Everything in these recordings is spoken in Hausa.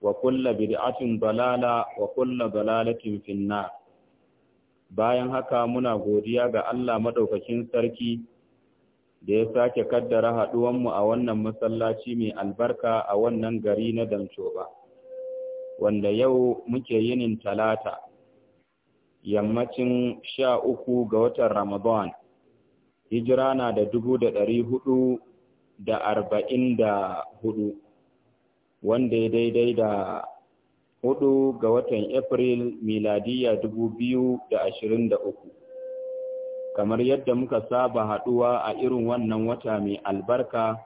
kulla bid'atin dalala wa kulla dalalatin finna bayan haka muna godiya ga Allah madaukakin sarki da ya sake kaddara haɗuwanmu a wannan masallaci mai albarka a wannan gari na Damcoba wanda yau muke yinin talata yammacin sha uku ga watan Ramadan hijira na da dubu da ɗari hudu da arba'in da hudu wanda ya daidai da hudu ga watan Afril miladiya dubu biyu da ashirin da uku. Kamar yadda muka saba haɗuwa a irin wannan wata mai albarka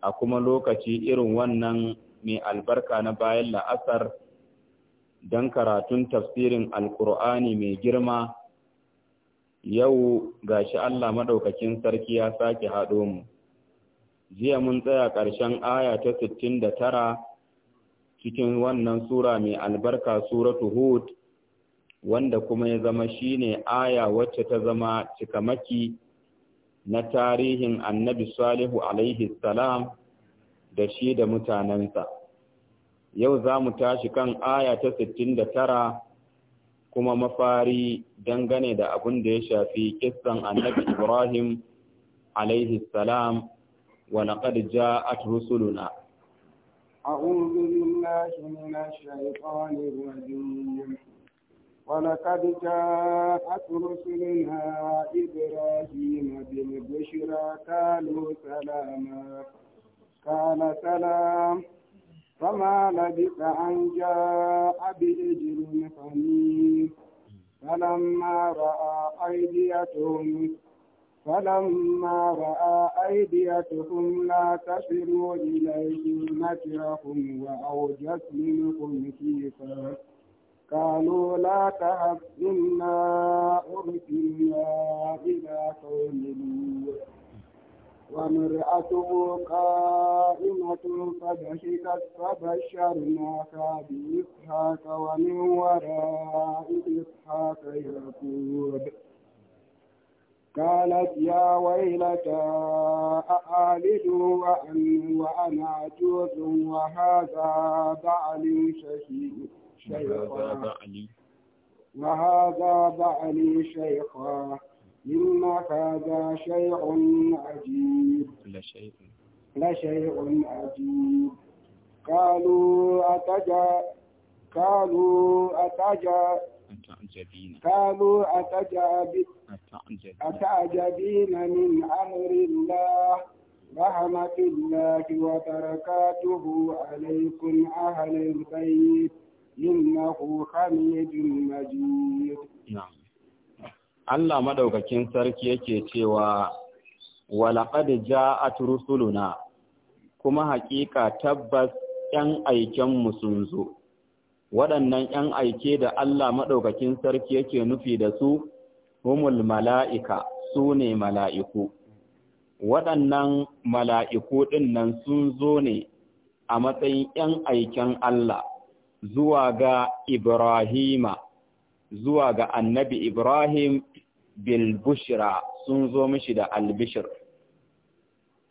a kuma lokaci irin wannan mai albarka na bayan la'asar don karatun tafsirin Alkur'ani mai girma yau ga shi Allah Madaukakin Sarki ya sake haɗo mu. jiya mun tsaya ƙarshen aya ta tara cikin wannan sura mai albarka suratu hud wanda kuma ya zama shi ne aya wacce ta zama cikamaki na tarihin annabi salihu alaihi salam da shi da mutanensa yau za mu tashi kan aya ta tara kuma mafari dangane da abin da ya shafi kisan annabi ibrahim alaihi salam ولقد جاءت رسلنا أعوذ بالله من الشيطان الرجيم ولقد جاءت رسلنا إبراهيم بالبشرى قالوا سلاما قال سلام فما لبث أن جاء بإجر فلما رأى أيديتهم فلما رأى أيديتهم لا تصل إليهم نكرهم وأوجس منهم خيفة قالوا لا تهب إنا أرسلنا إلى قوم لوط وامرأته قائمة فضحكت فبشرناها بإسحاق ومن وراء إسحاق يعقوب قالت يا ويلتى أألد وأن وأنا جوز وهذا بعلي شهيد شيخا وهذا بعلي شيخا إن هذا شيء عجيب لشيء لشيء عجيب قالوا أتجا قالوا أتجا أتعجبين قالوا أتعجبين أتعجبين من أمر الله رحمة الله وبركاته عليكم أهل البيت إنه حميد مجيد نعم Allah madaukakin sarki yake cewa walaƙad ja'at rusuluna kuma haƙiƙa tabbas 'yan aikenmu sun zo waɗannan ‘yan aike da Allah maɗaukakin sarki yake nufi da su, humul mala'ika su ne mala'iku. Waɗannan mala'iku ɗin nan sun zo ne a matsayin ‘yan aiken Allah zuwa ga Ibrahima, zuwa ga annabi Ibrahim bilbushira sun zo mishi da albishir.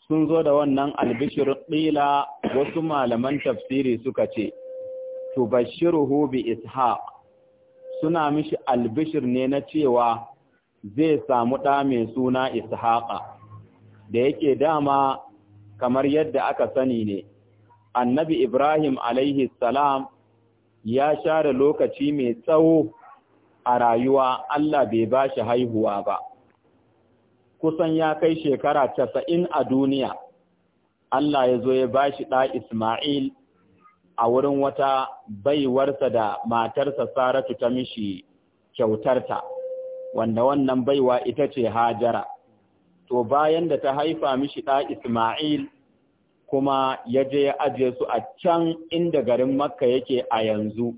Sun zo da wannan albishir ɗila wasu malaman tafsiri suka ce, tubashiruhu bi ishaq suna mishi albishir ne na cewa zai samu ɗa mai suna ishaqa da yake dama kamar yadda aka sani ne annabi ibrahim alaihi salam ya share lokaci mai tsawo a rayuwa Allah bai ba shi haihuwa ba kusan ya kai shekara 90 a duniya Allah ya zo ya ba shi ɗa Ismail a wurin wata baiwarsa da matarsa Saratu ta mishi kyautarta, wanda wannan baiwa ita ce Hajara. To bayan da ta haifa mishi ɗa Ismail kuma ya je ya ajiye su a can inda garin Makka yake a yanzu,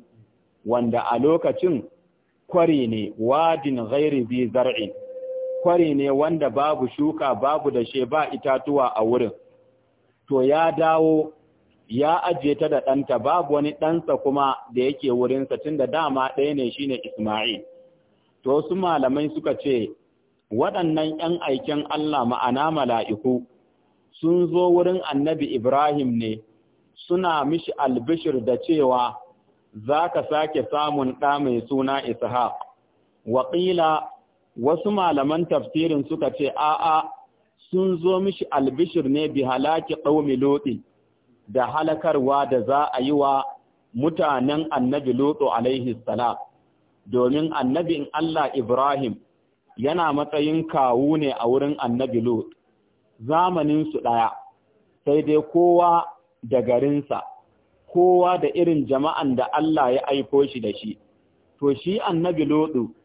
wanda a lokacin kwari ne wadin ghairi zar'in. kwari ne wanda babu shuka babu dashe ba itatuwa a wurin. To ya dawo ya ajiye ta da ɗanta babu wani ɗansa kuma da yake wurinsa tun da dama ɗaya ne shi ne Ismail. To su malamai suka ce, waɗannan ‘yan aikin Allah ma'ana mala'iku sun zo wurin annabi Ibrahim ne, suna mishi albishir da cewa za ka sake samun ɗa mai suna Ishaq. Waƙila wasu malaman tafsirin suka ce, a'a sun zo mishi albishir ne bi halaki ɗaumi loɗi. da halakarwa da za a yi wa mutanen annabi Lutu alaihi salam domin annabin Allah Ibrahim yana matsayin kawu ne a wurin annabi Lut zamanin su daya sai dai kowa da garinsa kowa da irin jama'an da Allah ya aiko shi da shi to shi annabi Lutu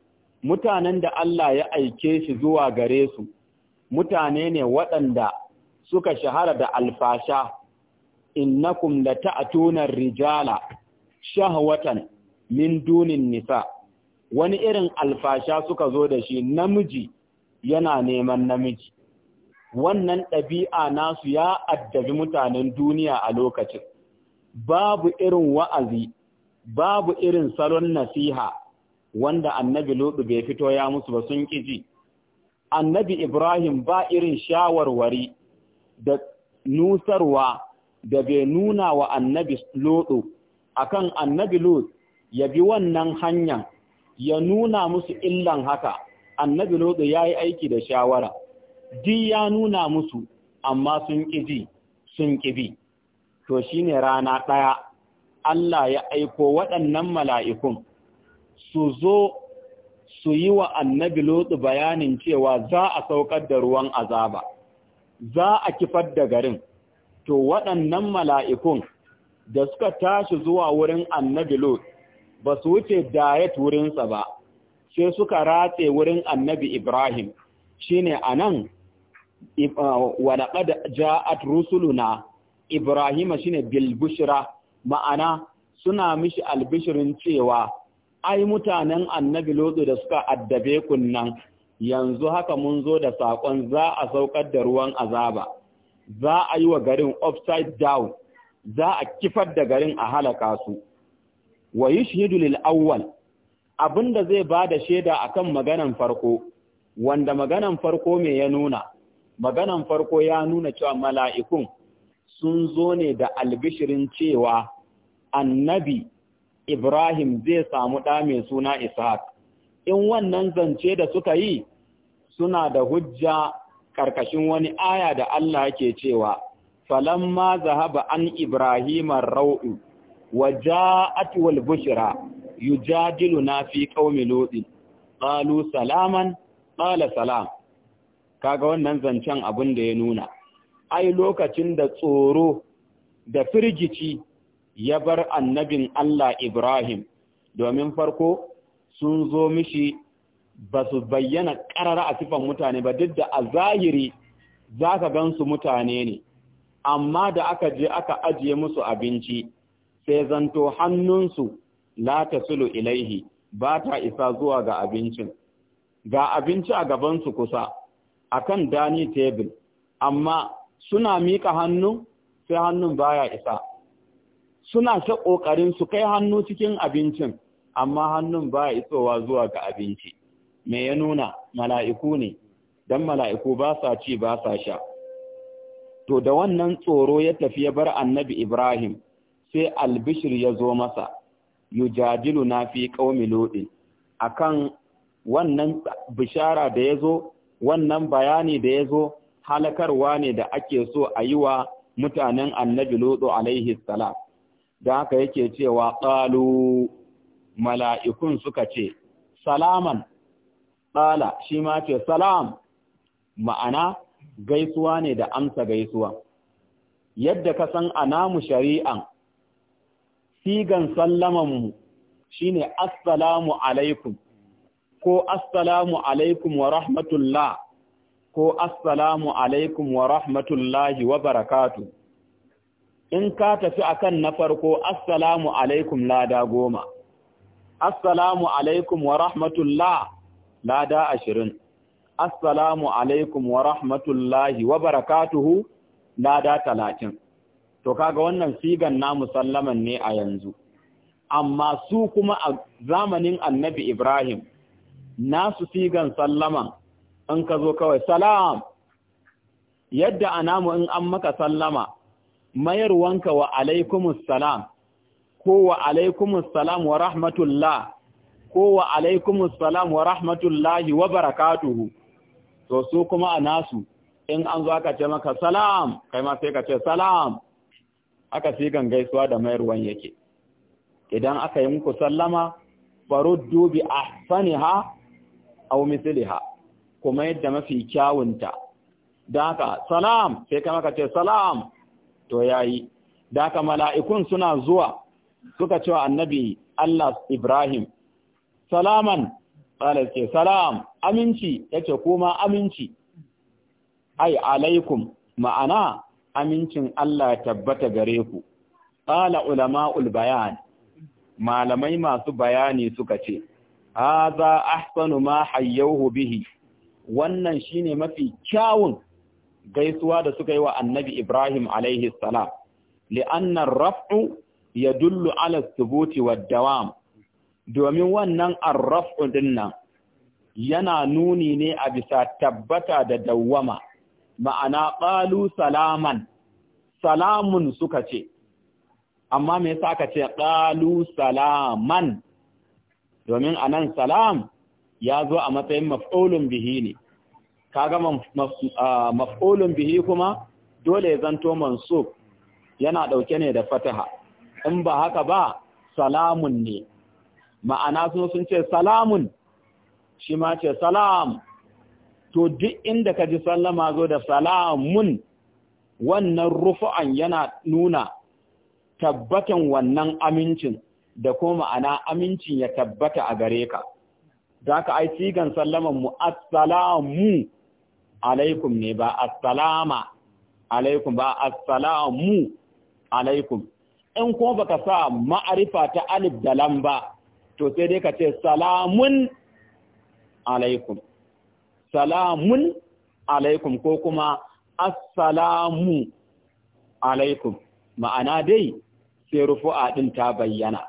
mutanen da Allah ya aike shi zuwa gare su mutane ne waɗanda suka shahara da alfasha innakum lata'tuna rijala shahwatan min dunin nisa wani irin alfasha suka zo da shi namiji yana neman namiji wannan ɗabi'a nasu ya addabi mutanen duniya a lokacin babu irin wa'azi babu irin salon nasiha wanda annabi Lutu bai fito ya musu ba sun kiji annabi Ibrahim ba irin shawarwari da nusarwa da bai nuna wa annabi lodo akan annabi lod ya bi wannan hanya ya nuna musu illan haka annabi lodo ya yi aiki da shawara di ya nuna musu amma sun ƙiji sun ƙibi to shi ne rana ɗaya Allah ya aiko waɗannan mala'ikun su zo su yi wa annabi lodo bayanin cewa za a saukar da ruwan azaba za a kifar da garin to waɗannan mala'ikun da suka tashi zuwa wurin annabi lod ba su wuce dayet wurinsa ba, sai suka ratse wurin annabi Ibrahim, shi ne a nan uh, walaƙad ja'at rusuluna Ibrahim shi ne bilbushira ma'ana suna mishi albishirin cewa ai mutanen annabi Lot da suka addabe kunnan yanzu haka mun zo da saƙon za a saukar da ruwan azaba. za a yi wa garin upside down za a kifar da garin a halaka su wa yushhidu lil awwal abinda zai ba bada sheda akan maganan farko wanda maganan farko me ya nuna maganan farko ya nuna cewa mala'ikun sun zo ne da albishirin cewa annabi Ibrahim zai samu ɗa mai suna Ishaq in wannan zance da suka yi suna da hujja ƙarƙashin wani aya da Allah ke cewa, Falamma zahaba an Ibrahim rau'u, wa ja wal bushra, yu jadilu na fi ƙaumi lotsi, ƙalu salaman, ƙala salam. Kaga wannan zancen abin da ya nuna, ai lokacin da tsoro da firgici ya bar annabin Allah Ibrahim, domin farko sun zo mishi ba su bayyana ƙarara a sifan mutane ba duk da a zahiri za ka gansu mutane ne, amma da aka je aka ajiye musu abinci, sai zanto hannunsu la ta sulu ilaihi ba ta isa zuwa ga abincin. Ga abinci a gabansu kusa, a kan dani tebul, amma suna miƙa hannu sai hannun baya isa. Suna ta ƙoƙarin su kai hannu cikin abincin, amma hannun baya isowa zuwa ga abinci. me ya nuna mala'iku ne don mala'iku ba sa ci ba sa sha to da wannan tsoro ya tafi ya bar annabi ibrahim sai albishir ya zo masa yujadilu na fi loɗi. A kan wannan bishara da ya zo wannan bayani da ya zo halakarwa ne da ake so a yi wa mutanen annabi lutu alaihi salam da haka yake cewa ƙalu mala'ikun suka ce salaman Tsala shi ma ce salam ma'ana gaisuwa ne da amsa gaisuwa. Yadda ka san anamu shari'an, sigan sallamanmu shi ne assalamu alaikum ko assalamu alaikum wa rahmatullah ko assalamu alaikum wa rahmatullahi wa barakatu. In ka tafi akan na farko assalamu alaikum lada goma, assalamu alaikum wa rahmatullah lada ashirin assalamu alaikum wa rahmatullahi wa barakatuhu lada talatin to kaga wannan sigan namu sallaman ne a yanzu amma su kuma a zamanin annabi ibrahim nasu sigan sallaman in ka zo kawai salam yadda a namu in an maka sallama mayarwanka wa alaikumus salam ko wa alaikumus salam wa rahmatullah ko wa alaikum salam wa rahmatullahi wa barakatuhu to su kuma a nasu in an zo aka ce maka salam kai ma sai ka ce salam aka sai gaisuwa da mayarwan yake idan aka yi muku sallama faruddu bi ahsaniha aw misliha kuma yadda mafi kyawunta da haka salam sai kai maka ce salam to yayi da haka mala'ikun suna zuwa suka cewa annabi Allah Ibrahim salaman qala salam aminci ce kuma aminci ai alaikum ma'ana amincin Allah tabbata gare ku qala ulama'ul bayan malamai masu bayani suka ce hadha ahsanu ma hayyuhu bihi wannan shine mafi kyawun gaisuwa da suka yi wa annabi Ibrahim alaihi salam li'anna raf'u yadullu ala thubuti wa dawam domin wannan arrafu nan yana nuni ne a bisa tabbata da dawwama ma'ana qalu salaman salamun suka ce amma me yasa aka ce qalu salaman domin anan salam ya zo a matsayin maf'ulun bihi ne kaga maf'ulun bihi kuma dole ya zanto mansub yana ɗauke ne da fataha in ba haka ba salamun ne ma'ana su sun ce salamun shi ma ce salam to duk inda ka ji sallama zo da salamun wannan rufu'an yana nuna tabbatan wannan amincin da kuma ma'ana amincin ya tabbata a gare ka za ka ai sigan sallaman mu assalamu alaikum ne ba assalama alaikum ba assalamu alaikum in kuma baka sa ma'arifa ta alif da ba to sai dai ka ce salamun alaikum salamun alaikum ko kuma assalamu alaikum ma'ana dai sai rufu'a din ta bayyana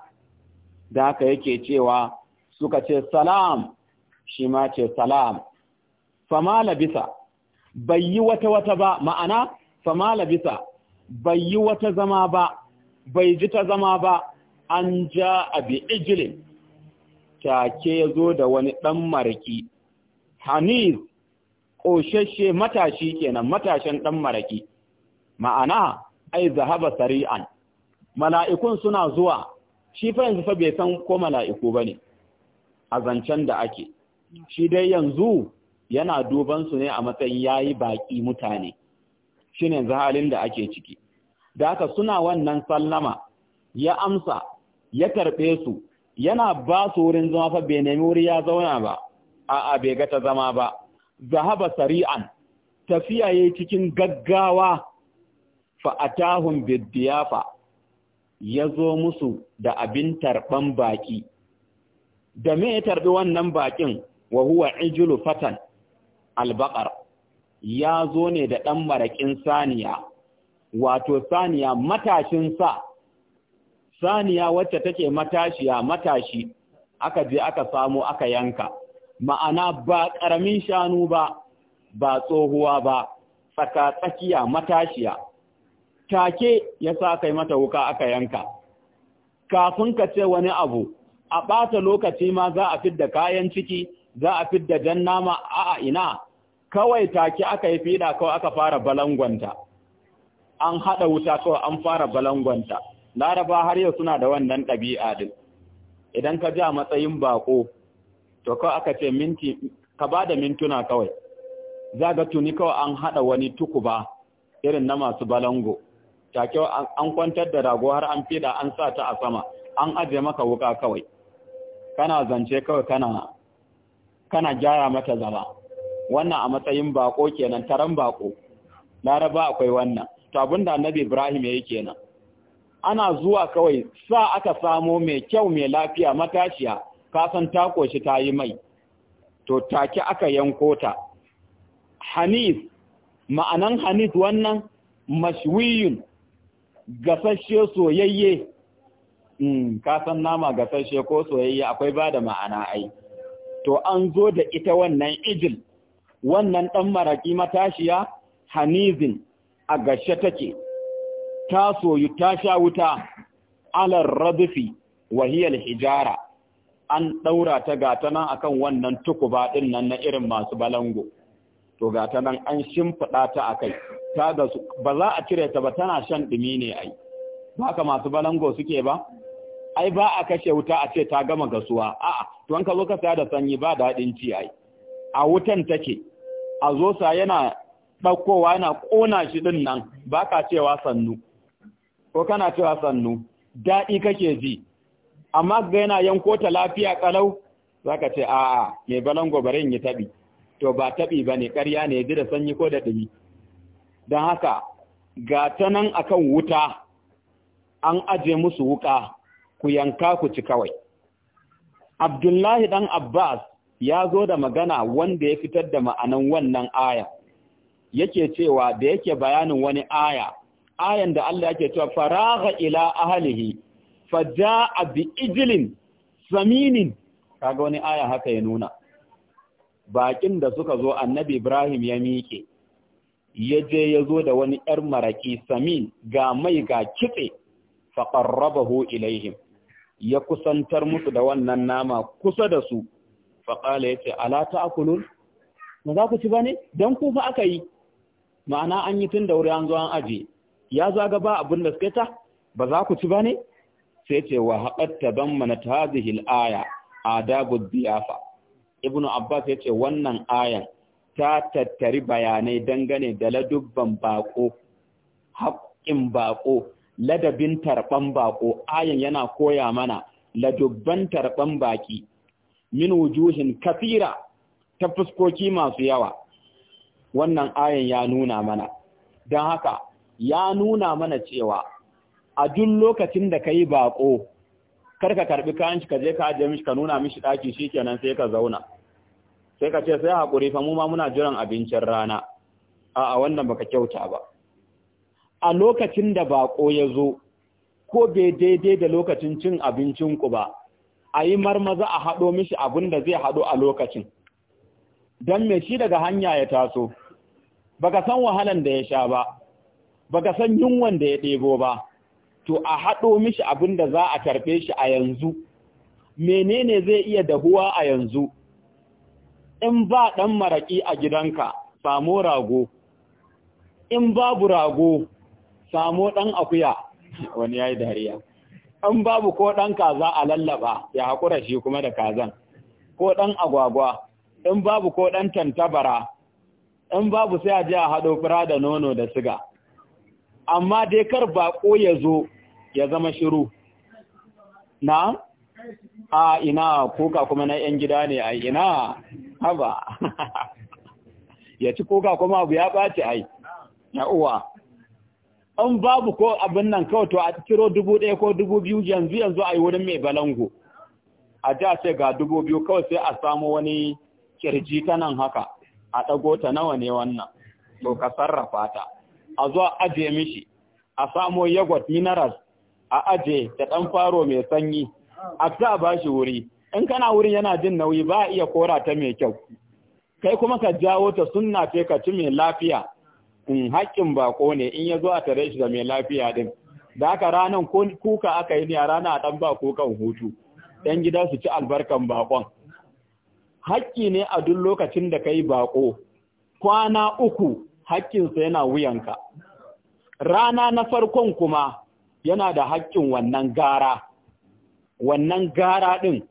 da haka yake cewa suka ce salam shi ma ce salam fama bisa. bai yi wata wata ba ma'ana fama bisa. bai yi wata zama ba bai ji ta zama ba an ja abi ijilin take ya zo da wani ɗan maraki. Haniz, ƙoshashe matashi kenan matashin ɗan maraki, ma'ana, ai, zahaba sari'an, mala'ikun suna zuwa, shi fa yanzu fa bai san ko mala'iku ba ne, a zancen da ake, shi dai yanzu yana dubansu ne a matsayin yayi baƙi mutane, shi ne halin da ake ciki. Da haka suna wannan sallama, ya amsa, ya karɓe su, yana ba su wurin zama fa bai nemi wuri ya zauna ba a'a bai ga ta zama ba zahaba sari'an tafiya yi cikin gaggawa fa atahum bidiyafa zo musu da abin tarban baƙi. da me ya tarbi wannan bakin wa huwa ijlu fatan ya zo ne da ɗan maraƙin saniya wato saniya matashin sa saniya wacce take matashiya matashi aka je aka samu aka yanka ma'ana ba ƙaramin shanu ba ba tsohuwa ba tsaka tsakiya matashiya take ya sa kai mata wuka aka yanka kafin ka ce wani abu a ɓata lokaci ma za a fidda kayan ciki za a fidda jan nama a'a ina kawai take aka yi fiɗa kawai aka fara balangwanta an haɗa wuta kawai an fara balangwanta laraba har yau suna da wannan ɗabi'a ɗin. idan ka ji a matsayin baƙo, to kawai aka ce minti ka ba da mintuna kawai za ga tuni kawai an haɗa wani tukuba irin na masu balango take an kwantar da rago har an fida an sa ta a sama an aje maka wuka kawai kana zance kawai kana kana gyara mata zama wannan a matsayin baƙo kenan taron baƙo. laraba akwai wannan to annabi ibrahim yi kenan ana zuwa kawai sa aka samo mai kyau mai lafiya matashiya kasan tako shi ta yi mai to take aka yanko ta hanif ma'anan hanif wannan mashwiyun gasashe soyayye mm, kasan nama gasashe ko soyayye akwai ba da ma'ana ai to an zo da ita wannan ijil wannan ɗan maraƙi matashiya hanizin a gashe take ta soyu ta sha wuta alar radufi wahiyar hijara an ɗaura ta gatanan akan wannan tukuba ɗin nan na irin masu balango to gatanan an shimfiɗa ta a kai ta ga ba za a cire ta ba tana shan ɗumi ne ai ba ka masu balango suke ba ai ba a kashe wuta a ce ta gama gasuwa a'a to an ka zo ka saya da sanyi ba daɗin ci ai a wutan take a zo sa yana ɗaukowa yana ƙona shi ɗin nan ba cewa sannu ko kana cewa sannu daɗi kake ji amma ga yana yanko ta lafiya kalau zaka ce a'a me balan gobarin yi taɓi? to ba taɓi ba ne, ƙarya ne ji da sanyi ko da don haka ga ta nan akan wuta an aje musu wuka ku yanka ku ci kawai Abdullahi ɗan Abbas ya zo da magana wanda ya fitar da ma'anan wannan aya yake cewa da yake bayanin wani aya ayan da Allah yake cewa faragha ila ahlihi faja'a bi ijlin saminin kaga wani aya haka ya nuna bakin da suka zo annabi Ibrahim ya miƙe ya je ya zo da wani ‘yar maraki samin ga mai ga kitse faƙarrabahu ilaihim ya kusantar musu da wannan nama kusa da su fa qala yace ala ta'kulun ba za ku ci ba ne ku fa aka yi ma'ana an yi tun da wuri an zo an aje ya zaga ba abin da suka ta ba za ku ci ba ne sai ce wa haɓatta ban mana ta aya adabud diyafa ibnu abbas ya ce wannan ayan ta tattari bayanai dangane da ladubban bako haƙƙin bako ladabin tarban bako ayan yana koya mana ladubban tarban baki min wujuhin kafira ta fuskoki masu yawa wannan ayan ya nuna mana don haka ya nuna mana cewa a duk lokacin da ka yi baƙo kar ka karɓi kayan ka je ka ajiye mishi ka nuna mishi ɗaki shi kenan sai ka zauna sai ka ce sai haƙuri fa mu ma muna jiran abincin rana a a wannan baka kyauta ba a lokacin da baƙo ya zo ko bai daidai da lokacin cin abincinku ba a yi marmaza a haɗo mishi abin da zai haɗo a lokacin don mai shi daga hanya ya taso baka san wahalan da ya sha ba baka san yunwan da ya ɗebo ba to a haɗo mishi abin da za a karfe shi a yanzu menene zai iya dahuwa a yanzu in ba ɗan maraƙi a gidanka samo rago in babu rago samo ɗan akuya wani ya yi dariya in babu ko ɗan kaza a lallaba ya haƙura shi kuma da kazan ko ɗan agwagwa in babu ko ɗan tantabara in babu sai a ji a haɗo fura da nono da siga amma dai kar bako ya zo ya zama shiru na a ina koka kuma na yan gida ne a ina haba ya ci koka kuma abu ya ɓaci ai na uwa an babu ko abin nan kawai to a ciro dubu ɗaya ko dubu biyu yanzu yanzu a yi wurin mai balango a ja sai ga dubu biyu kawai sai a samu wani kirji ta nan haka a ɗago ta nawa ne wannan to ka sarrafa ta a zuwa ajiye mishi a samo yogurt minerals a ajiye da ɗan faro mai sanyi a ta ba shi wuri in kana wurin yana jin nauyi ba a iya kora ta mai kyau kai kuma ka jawo ta sunna ce ka ci mai lafiya in haƙƙin bako ne in ya zo a tare shi da mai lafiya din da haka ranar kuka aka yi ne a rana a ɗan ba kan hutu ɗan gida su ci albarkan bakon haƙƙi ne a duk lokacin da ka yi bako kwana uku haƙƙinsa yana wuyanka. Rana na farkon kuma yana da haƙƙin wannan gara, wannan gara ɗin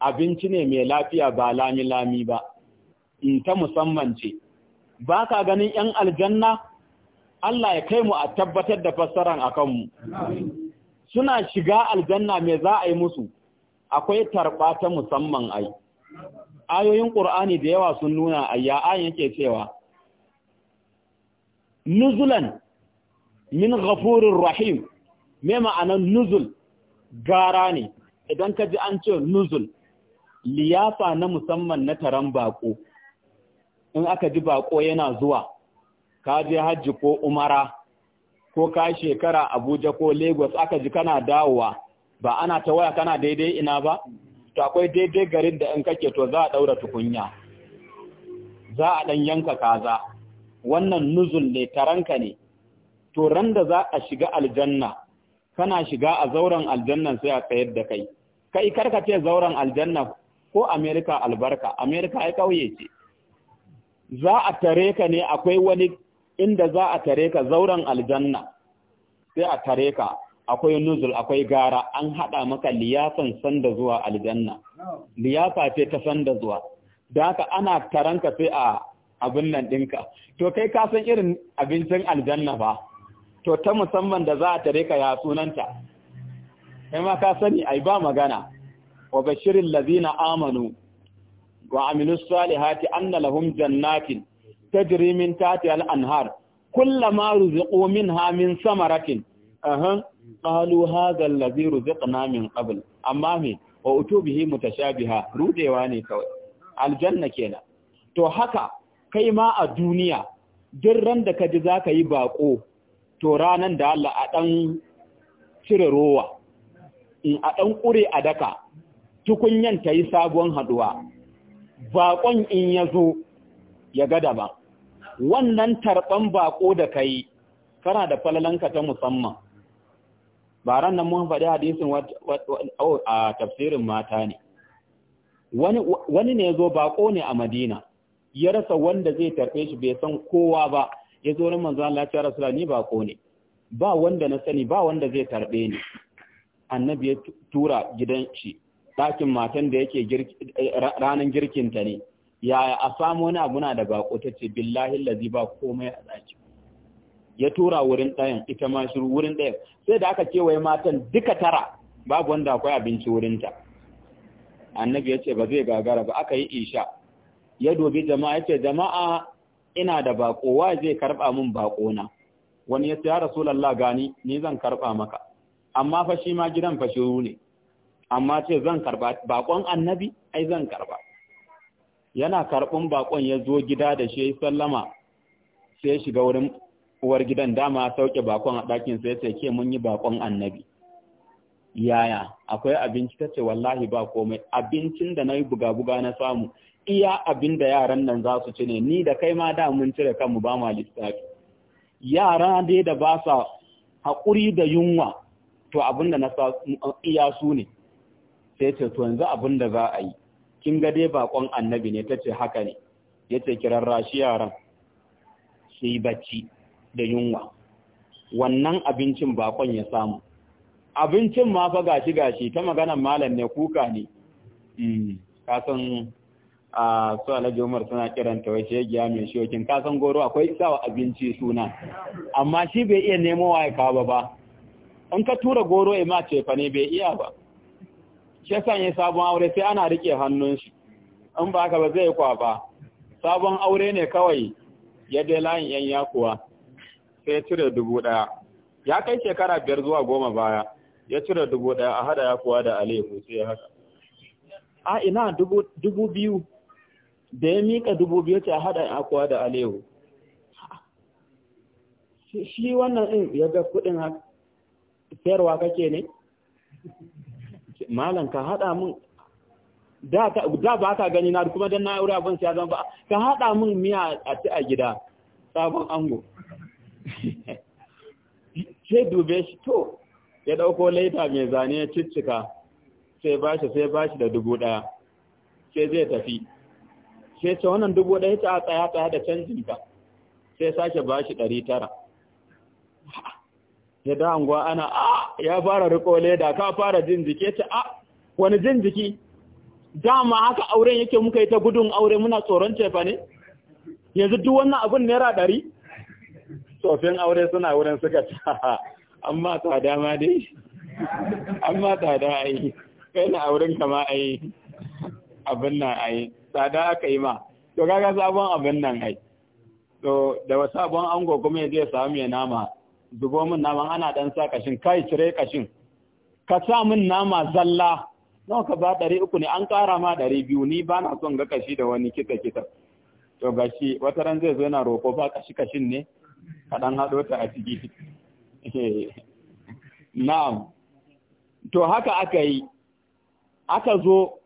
abinci ne mai lafiya ba lami-lami ba, in ta musamman ce. Ba ka ganin ‘yan aljanna? Allah ya kai mu a tabbatar da fassaran a kanmu. Suna shiga aljanna mai za a yi musu, akwai tarɓa ta musamman ai. Ayoyin ƙur'ani da yawa sun nuna ayya yake cewa, nuzulan min ghafurin rahim me ma'anan nuzul gara ne idan ka ji an ce nuzul liyafa na musamman na taron bako in aka ji bako yana zuwa ka je hajji ko umara ko ka shekara abuja ko lagos aka ji kana dawowa ba ana ta waya kana daidai ina ba to akwai daidai garin da in kake to za a daura tukunya za a dan yanka kaza wannan nuzul ne taranka ne to ran da za a shiga aljanna kana shiga a zauren Aljanna sai a tsayar da kai kai karka ce zauren aljanna ko amerika albarka amerika ai kauye ce za a tare ka ne akwai wani inda za a tare ka zauren aljanna sai a tare ka akwai nuzul akwai gara an haɗa maka liyafan sanda zuwa aljanna liyafa ce ta sanda zuwa da haka ana taranka sai a abin nan ɗinka to kai ka san irin abincin aljanna ba to ta musamman da za a tare ka ya sunanta kai ma ka sani ai ba magana wa bashirin lazina amanu wa aminu salihati anna lahum jannatin tajri min tahtiha al-anhar kullama ruziqu minha min samaratin Ahan, qalu hadha allazi ruziqna min qabl amma me wa utubihi mutashabiha rudewa ne kawai aljanna kenan to haka kai ma a duniya duk ran da ka ji za ka yi baƙo to ranan da Allah a ɗan cire rowa in a ɗan ƙure a daka tukunyan ta yi sabon haɗuwa baƙon in ya zo ya gada ba. wannan tarɓan baƙo da ka yi kana da falalanka ta musamman ba ran nan mun faɗi hadisin a tafsirin mata ne wani ne ya zo baƙo ne a madina ya rasa wanda zai tarfe shi bai san kowa ba ya zo ran manzo Allah ya rasula ni ba ko ne ba wanda na sani ba wanda zai tarbe ni annabi ya tura gidan shi dakin matan da yake ranan girkin ta ne yaya a samu wani abu na da bako ta ce billahi lazi ba komai a ɗaki ya tura wurin ɗayan ita ma shiru wurin ɗayan sai da aka kewaye matan duka tara babu wanda akwai abinci wurinta annabi ya ce ba zai gagara ba aka yi isha ya dobi jama'a yace jama'a ina da bako wa zai karba min bako na wani ya ce ya rasulullah gani ni zan karba maka amma fa shi ma gidan fa shiru ne amma ce zan karba bakon annabi ai zan karba yana karbin bakon ya zo gida da shi sallama sai ya shiga wurin uwar gidan dama sauke bakon a ɗakin sai ce ke mun yi bakon annabi yaya akwai abinci tace wallahi ba komai abincin da na yi buga-buga na samu iya abin da yaran nan za su ci ne ni da kai ma da mun cire kanmu ba ma lissafi yara dai da ba sa haƙuri da yunwa to abin da na iya su ne sai ce to yanzu abin da za a yi kin ga dai bakon annabi ne tace haka ne yace kiran rashi yaran su yi bacci da yunwa wannan abincin bakon ya samu abincin ma fa gashi gashi ta maganan malam ne kuka ne hmm, kasan a su alhaji umar suna kiranta wai yagiya mai shokin kasan goro akwai sawa abinci suna amma shi bai iya nemo wa ya kawo ba in ka tura goro ya ma cefa ne bai iya ba shi yasa ya sabon aure sai ana rike hannun shi in ba haka ba zai kwa ba. sabon aure ne kawai ya dai layin yan yakuwa sai ya cire dubu ɗaya ya kai shekara biyar zuwa goma baya ya cire dubu ɗaya a hada yakuwa da alehu sai haka a ina dubu biyu da ya miƙa dubu biyu ce a haɗa akuwa da alewu shi wannan ɗin ya ga kuɗin haka kake ne malam ka haɗa mun da ba ka gani na kuma don na abin siya zan ba ka haɗa mun miya a ci a gida sabon ango sai dube shi to ya ɗauko laita mai zane ya ciccika sai ba shi sai ba shi da dubu ɗaya sai zai tafi sai ce wannan dubu ɗaya ta tsaya tsaya da canjin ka sai sake ba shi ɗari tara ya da anguwa ana a ya fara riko leda ka fara jin jiki ta a wani jin jiki dama haka auren yake muka yi ta gudun aure muna tsoron cefa ne yanzu duk wannan abin naira ɗari tsofin aure suna wurin suka ta amma tsada ma dai amma tsada a kai na auren kama a abin na a tsada aka yi ma to kaga sabon abin nan ai to da wasu sabon ango kuma ya je samu mai nama zubo min nama, ana dan sa kashin kai cire kashin ka sa min nama zalla nawa ka ba ɗari uku ne an ƙara ma ɗari biyu ni ba na son ga kashi da wani kita kita to gashi wata ran zai zo yana roƙo ba kashi kashin ne ka dan haɗo ta a ciki na'am to haka aka yi aka zo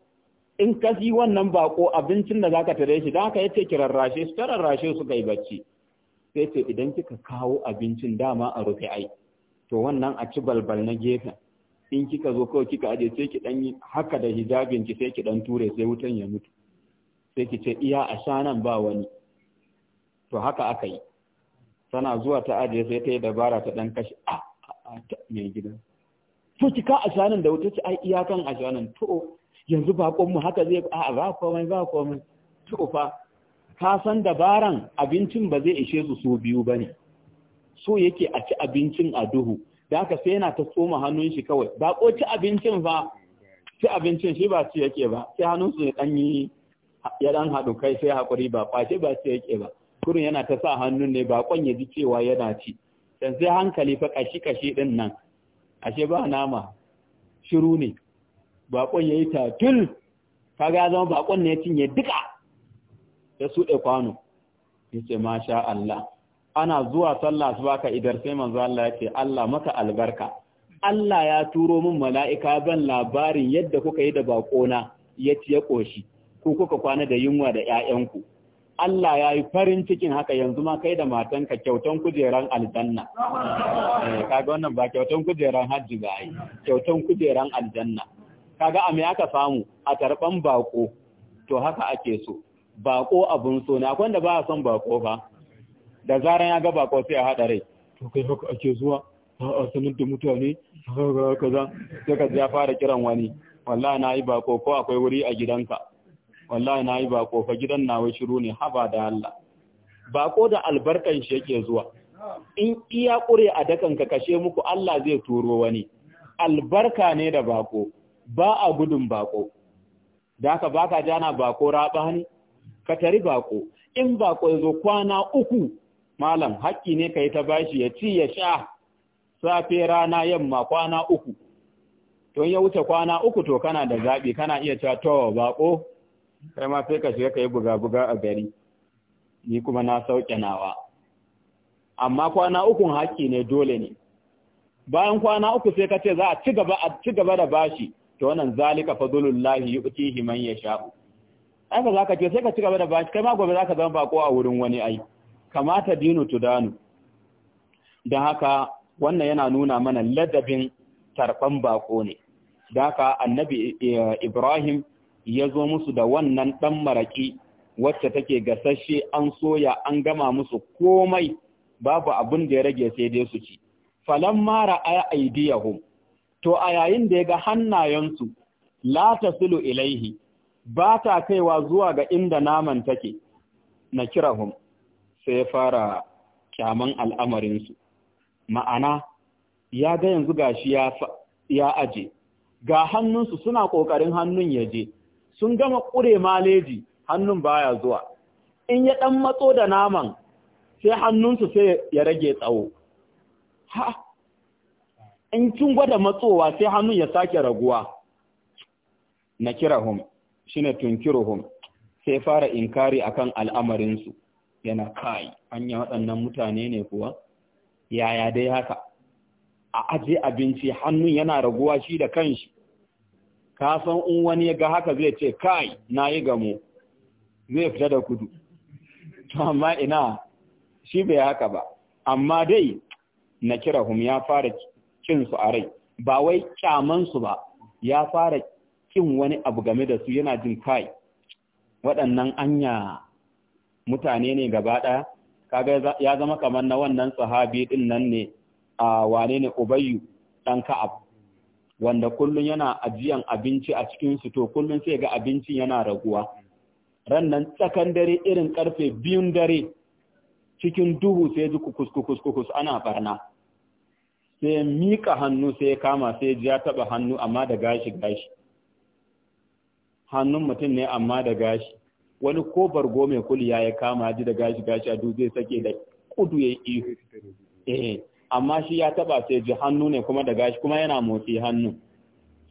in ka yi wannan bako abincin da za ka tare shi da haka yace kirarrashe su tararrashe su kai bacci sai ce idan kika kawo abincin dama a rufe ai to wannan a ci balbal na gefen in kika zo kawai kika aje sai ki dan haka da hijabin ki sai ki dan ture sai wutan ya mutu sai ki ce iya a shanan ba wani to haka aka yi tana zuwa ta aje sai ta yi dabara ta dan kashi a ah, a ah, ah, mai gidan to ki ka a shanan da wuta ci ai iyakan a shanan to yanzu mu haka zai a ba komai ba komai fa ka san dabaran abincin ba zai ishe su so biyu ba ne so yake a ci abincin a duhu da haka sai yana ta tsoma hannun shi kawai baƙo ci abincin fa ci abincin shi ba ci yake ba sai hannun su yi ya dan haɗu kai sai haƙuri ba ƙwace ba ci yake ba kurin yana ta sa hannun ne baƙon ya ji cewa yana ci dan sai hankali fa kashi-kashi ɗin nan ashe ba nama shiru ne bakon ya yi tatul kaga ya zama bakon ne ya cinye duka ya suɗe kwano ya ce masha Allah ana zuwa sallah su baka idar sai manzo Allah ya ce Allah maka albarka Allah ya turo min mala'ika ban labarin yadda kuka yi da bakona ya ci ya ƙoshi ko kuka kwana da yunwa da ‘ya'yanku. Allah ya yi farin cikin haka yanzu ma kai da matanka kyautan kujeran aljanna. Eh, kaga wannan ba kyautan kujeran hajji ba yi, kyautan kujeran aljanna. kaga a me aka samu a tarban bako to haka ake so bako abun so na akwai da ba a son bako ba da zaran ya ga bako sai ya hada rai to kai haka ake zuwa a sanar da mutane haka kaza sai ka ya fara kiran wani wallahi na yi bako ko akwai wuri a gidanka wallahi na yi bako fa gidan na wai shiru ne haba da Allah bako da albarkan shi yake zuwa in iya ƙure a dakan ka kashe muku Allah zai turo wani albarka ne da bako ba a gudun bako da ba baka jana bako raba ne ka tari bako in bako ya zo kwana uku malam haƙƙi ne ka yi ta bashi ya ci ya sha safe rana yamma kwana uku to ya wuce kwana uku to kana da zaɓi kana iya catawa towa bako kai ma sai ka shiga ka yi buga-buga a gari ni kuma na sauke nawa amma kwana ukun haƙƙi ne dole ne bayan kwana uku sai ka ce za a ci gaba da bashi to wannan zalika fadlullahi yu'tihi man yasha ai ba zaka ce sai ka cigaba da bashi kai ma gobe zaka zama bako a wurin wani ai kamata dinu tudanu dan haka wannan yana nuna mana ladabin tarban bako ne dan haka annabi eh, Ibrahim ya zo musu da wannan dan maraki wacce take gasashe an soya an gama musu komai babu abin da ya rage sai dai su ci falamma ra'a aydiyahum to a yayin da ya ga hannayensu la silu ilaihi ba ta kaiwa zuwa ga inda naman take na kirahum sai ya fara kyaman al'amarinsu ma'ana ya ga yanzu gashi ya ya aje ga hannunsu suna ƙoƙarin hannun ya je sun gama ƙure maleji hannun baya zuwa in ya ɗan matso da naman sai hannunsu sai ya rage tsawo ha in kin gwada matsowa sai hannun ya sake raguwa na kirahum shine tunkiruhum sai fara inkari akan su, yana kai anya waɗannan mutane ne kuwa yaya dai haka a aje abinci hannun yana raguwa shi da kanshi ka san in wani ya ga haka zai ce kai na yi gamo zai fita da kudu to amma ina shi bai haka ba amma dai na kirahum ya fara kin su a rai ba wai kyaman su ba ya fara kin wani abu game da su yana jin kai waɗannan anya mutane ne gaba ɗaya kaga ya zama kamar na wannan sahabi din nan ne a wane ne ubayyu ɗan ka'ab wanda kullum yana ajiyan abinci a cikin su to kullun sai ga abincin yana raguwa rannan tsakan dare irin karfe biyun dare cikin duhu sai ji kukus kukus kukus ana barna sai ya miƙa hannu sai ya kama sai ya taɓa hannu amma da gashi gashi hannun mutum ne amma da gashi wani ko bargo mai kuliya ya kama ji da gashi gashi a duk zai sake da kudu ya ihu eh amma shi ya taba sai ji hannu ne kuma da gashi kuma yana motsi hannu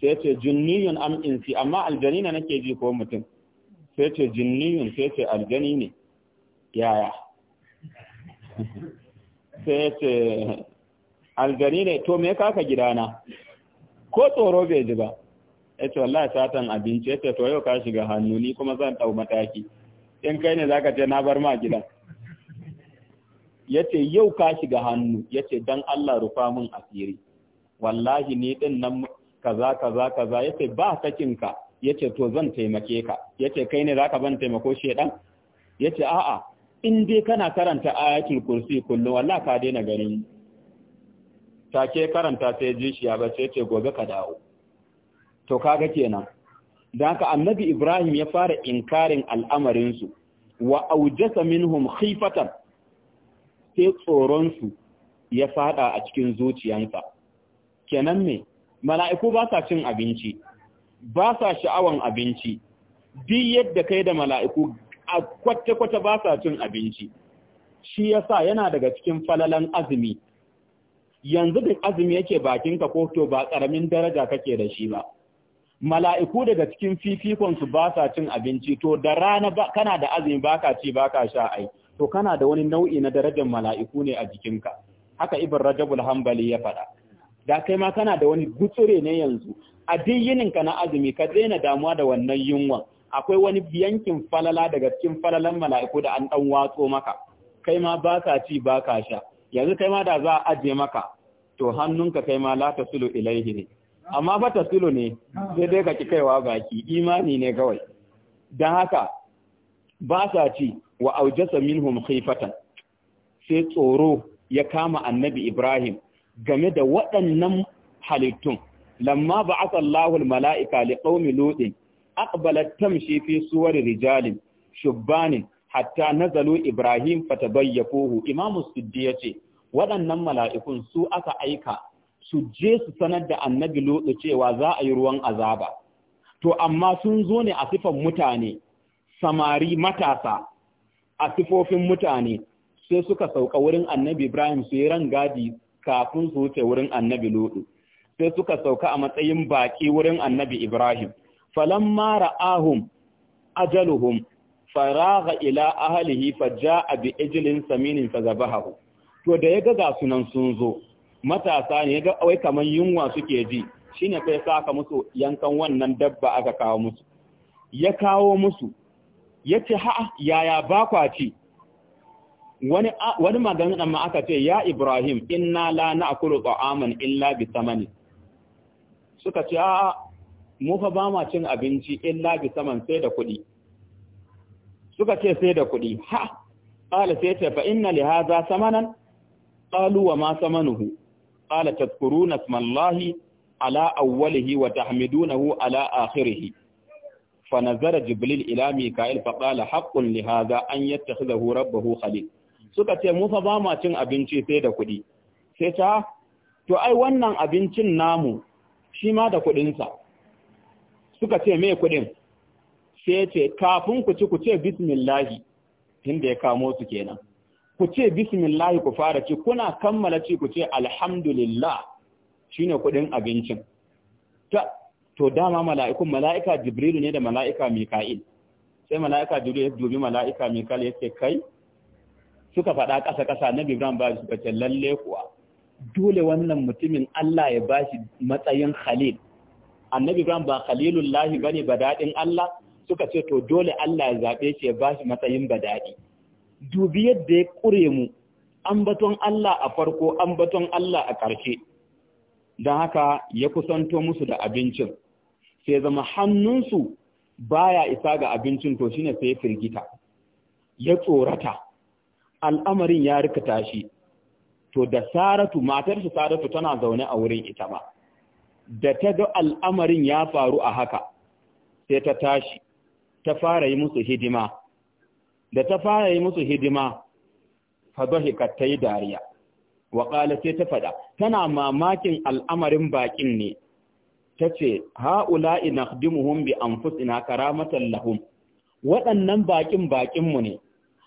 sai ce jinniyun am insi amma aljani ne nake ji ko mutum sai ce jinniyun sai ce aljani ne yaya sai ce algari ne to me kaka gidana ko tsoro bai ji ba ya ce wallahi satan abinci ya ce to yau ka shiga hannu ni kuma zan ɗau mataki in kai ne zaka ce na bar ma gidan ya ce yau ka shiga hannu ya ce don Allah rufa min asiri wallahi ni din nan kaza kaza kaza ya ce ba sakinka ya ce to zan taimake ka ya ce kai ne zaka ban taimako shedan ya ce a'a in dai kana karanta ayatul kursi kullum wallahi ka daina ganin take karanta sai ji shi ba sai ce gobe ka dawo to kaga kenan dan ka annabi Ibrahim ya fara inkarin al'amarin su wa awjasa minhum khifatan sai tsoron su ya fada a cikin zuciyansa kenan me mala'iku ba sa cin abinci ba sa sha'awan abinci duk yadda kai da mala'iku a kwata-kwata ba sa cin abinci shi yasa yana daga cikin falalan azumi yanzu duk azumi yake bakin ka ko to ba karamin daraja kake da shi ba. Mala'iku daga cikin fifikonsu ba sa cin abinci, to da rana kana da azumi baka ci baka sha ai, to kana da wani nau'i na darajar mala'iku ne a jikin ka Haka Ibn Rajabul Hambali ya faɗa. Da kai ma kana da wani gutsure ne yanzu, a dinyinin yininka na azumi ka daina damuwa da wannan yunwan. Akwai wani yankin falala daga cikin falalan mala'iku da an ɗan watso maka, kai ma baka ci baka sha. yanzu kai ma da za a ajiye maka to hannunka kai ma la sulu ilaihi ne amma fa sulu ne sai dai ka ki kaiwa baki imani ne kawai dan haka ba sa ci wa aujasa minhum khifatan sai tsoro ya kama annabi Ibrahim game da waɗannan halittun lamma ba'atha Allahu al-mala'ika liqaumi lutin aqbalat tamshi fi suwari rijalin shubbanin hatta nazalu Ibrahim fatabayyafuhu Imam Siddi yace waɗannan mala'ikun su aka aika su je su sanar da annabi lotsu cewa za a yi ruwan azaba. To, amma sun zo ne a sifan mutane, samari matasa, a sifofin mutane, sai suka sauka wurin annabi Ibrahim su yi rangadi kafin su wuce wurin annabi lotsu. Sai suka sauka a matsayin baƙi wurin annabi Ibrahim. Falamma ra'ahum fara ga ila ja a bi samininsa saminin fazabahu to da ya ga nan sun zo matasa ne ya ga wai kamar yunwa suke ji shine fa sa saka musu yankan wannan dabba aka kawo musu ya kawo musu ya ce ha yaya ba kwa ci wani wani magana ma aka ce ya Ibrahim inna la na'kulu ta'aman illa bi thamani suka ce a mu fa ba ma cin abinci illa bi saman sai da kuɗi suka ce sai da kuɗi ha qala sai ce fa inna li hadha samanan qalu wa ma samanuhu qala tadhkuruna smallahi ala awwalihi wa tahmidunahu ala akhirih fanazara jibril ila mika'il faqala haqqun li hadha an yattakhidahu rabbuhu khalil suka ce mu fa cin abinci sai da kuɗi sai to ai wannan abincin namu shi ma da kuɗinsa suka ce me kuɗin sai ce kafin ku ci ku ce bismillahi tunda ya kamo su kenan ku ce bismillah ku fara ci kuna kammala ci ku ce alhamdulillah shine kudin abincin ta to dama mala'ikun mala'ika Jibril ne da mala'ika mika'il sai mala'ika Jibril ya dubi mala'ika mika'il ya kai suka faɗa kasa kasa annabi ibrahim ba su ce lalle kuwa dole wannan mutumin Allah ya bashi matsayin khalil annabi ibrahim ba khalilullahi bane badadin Allah suka ce to dole Allah ya zabe shi ya bashi matsayin badadi dubi yadda ya ƙure mu an baton Allah a farko an baton Allah a ƙarshe don haka ya kusanto musu da abincin sai zama hannunsu baya isa ga abincin to shine sai firgita ya tsorata al'amarin ya rika tashi, to da saratu su saratu tana zaune a wurin ita ma da ta ga al'amarin ya faru a haka sai ta tashi ta fara yi musu hidima da ta fara yi musu hidima fadahikat ta yi dariya wa sai ta faɗa tana mamakin al'amarin baƙin ne ta ce ha'ula ina dimuhun bi an fusina karamatan lahum waɗannan baƙin baƙinmu ne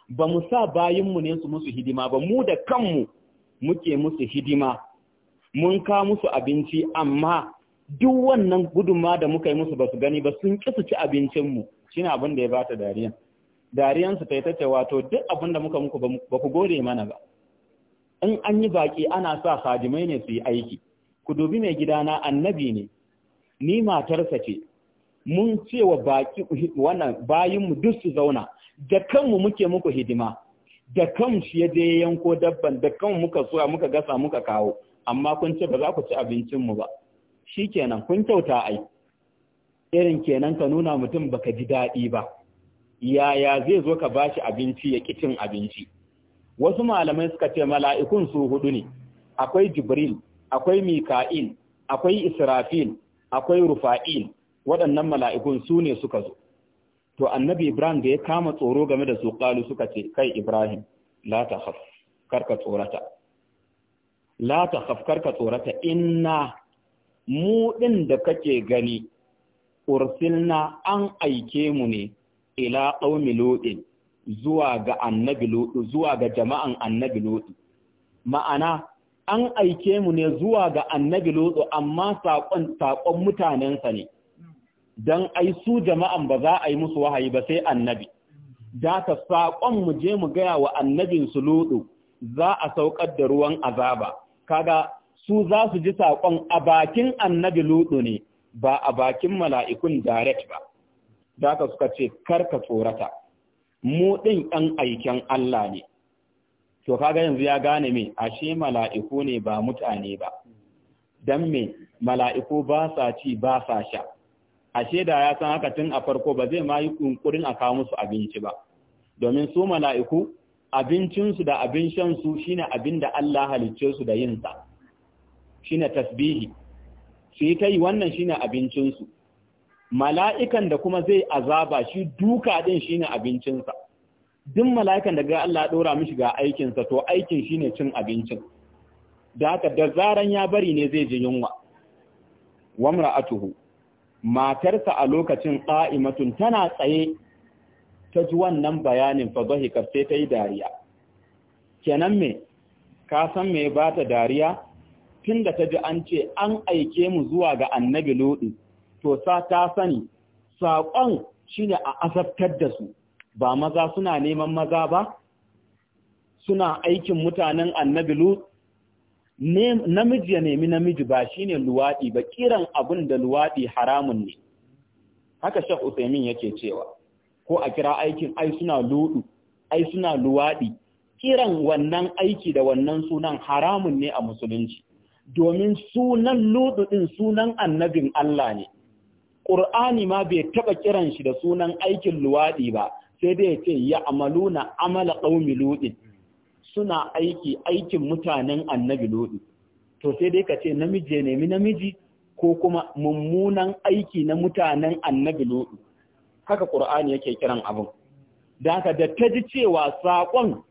ba mu sa bayinmu ne su musu hidima ba mu da kanmu muke musu hidima mun ka musu abinci amma duk wannan gudunma da muka yi musu ba su gani ba sun ƙi su ci abincinmu shi abin da ya bata ta dariyan dariyansu ta ta ce wato duk abinda da muka muku ba ku gode mana ba in an yi baki ana sa fadimai ne su yi aiki ku dubi mai gidana annabi ne ni matarsa ce mun cewa baƙi wannan bayinmu duk su zauna da kanmu muke muku hidima da kan shi ya je yanko dabban da kan muka soya muka gasa muka kawo amma kun ce ba za ku ci abincinmu ba Shi kenan kun kyauta ai irin kenan ka nuna mutum baka ji daɗi ba yaya zai zo ka bashi abinci ya kicin abinci wasu malamai suka ce mala'ikun su hudu ne akwai jibril akwai mika'il akwai israfil akwai rufa'il waɗannan mala'ikun su ne suka zo to annabi ibrahim da ya kama tsoro game da su ƙalu suka ce kai ibrahim la ta haf karka tsorata la ta haf karka tsorata inna mu ɗin da kake gani ursilna an aike mu ne ila qaumi lutin zuwa ga annabi lutu zuwa ga jama'an annabi lutu ma'ana an aike mu ne zuwa ga annabi lutu amma saƙon saƙon mutanensa ne don ai su jama'an ba za a yi musu wahayi ba sai annabi da ta saƙon mu je mu gaya wa annabin su lutu za a saukar da ruwan azaba kaga su za su ji saƙon a bakin annabi lutu ne ba a bakin mala'ikun direct ba da haka suka ce karka tsorata mu ɗin ɗan aiken Allah ne to kaga yanzu ya gane me ashe mala'iku ne ba mutane ba dan me mala'iku ba sa ci ba sa sha ashe da ya san haka tun a farko ba zai ma yi kunkurin a kawo musu abinci ba domin su mala'iku abincinsu da abin shansu shine abin da Allah halicce su da yin sa shine tasbihi su yi ta yi wannan shine abincinsu mala'ikan da kuma zai azaba shi duka din shine abincinsa duk mala'ikan da ga Allah ɗora mishi ga aikinsa to aikin shine cin abincin da haka da zaran ya bari ne zai ji yunwa wamra tuhu matarsa a lokacin ƙa’imatun tana tsaye ta ji wannan bayanin fa sai ta yi dariya kenan me ka san me ba ta dariya tunda ta ji an ce an aike mu zuwa ga annabi lodi to sa ta sani saƙon shine a asabtar da su ba maza suna neman maza ba suna aikin mutanen annabi lu namiji ya nemi namiji ba shine luwaɗi ba kiran abun da luwaɗi haramun ne haka shek usaimin yake cewa ko a kira aikin ai suna ludu ai suna luwaɗi kiran wannan aiki da wannan sunan haramun ne a musulunci domin sunan ludu din sunan annabin Allah ne ƙur'ani ma bai taɓa kiran shi da sunan aikin luwaɗi ba sai dai ce ya amalu na amala ƙaumi luɗi suna aiki aikin mutanen annabi luɗi to sai dai ka ce namiji ya nemi namiji ko kuma mummunan aiki na mutanen annabi luɗi haka ƙur'ani yake kiran abin da haka da ta ji cewa saƙon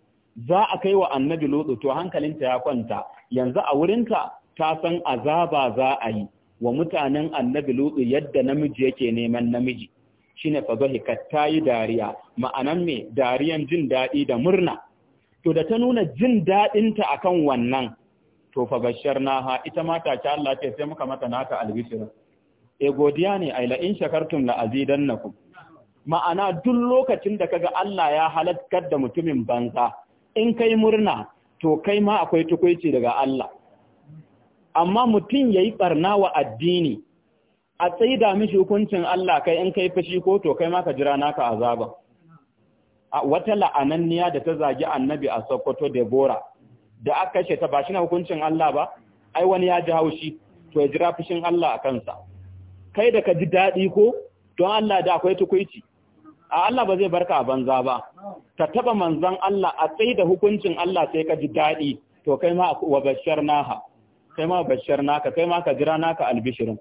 za a kai wa annabi luɗi to hankalinta ya kwanta yanzu a wurinta ta san azaba za a yi wa mutanen annabi lutsu yadda namiji yake neman namiji shine fa ta yi dariya ma'anan me dariyan jin daɗi da murna to da ta nuna jin daɗinta a akan wannan to fa ha, ita mata ta Allah ce sai muka mata naka albishir e godiya ne ai la in shakartum la azidannakum ma'ana duk lokacin da kaga Allah ya halakkar da mutumin banza in kai murna to kai ma akwai tukuici daga Allah amma mutum ya yi ɓarna wa addini a da mishi hukuncin Allah kai in kai fashi ko to kai maka jira naka a zaba wata la'ananniya da ta zagi annabi a Sokoto Debora da aka kashe ta ba shi na hukuncin Allah ba ai wani ya ji haushi to ya jira fushin Allah a kansa kai da ka ji daɗi ko don Allah da akwai tukwici a Allah ba zai barka a banza ba ka taba manzan Allah a da hukuncin Allah sai ka ji daɗi to kai ma wa bashar naha kai ma bashar naka kai ma ka jira naka albishirin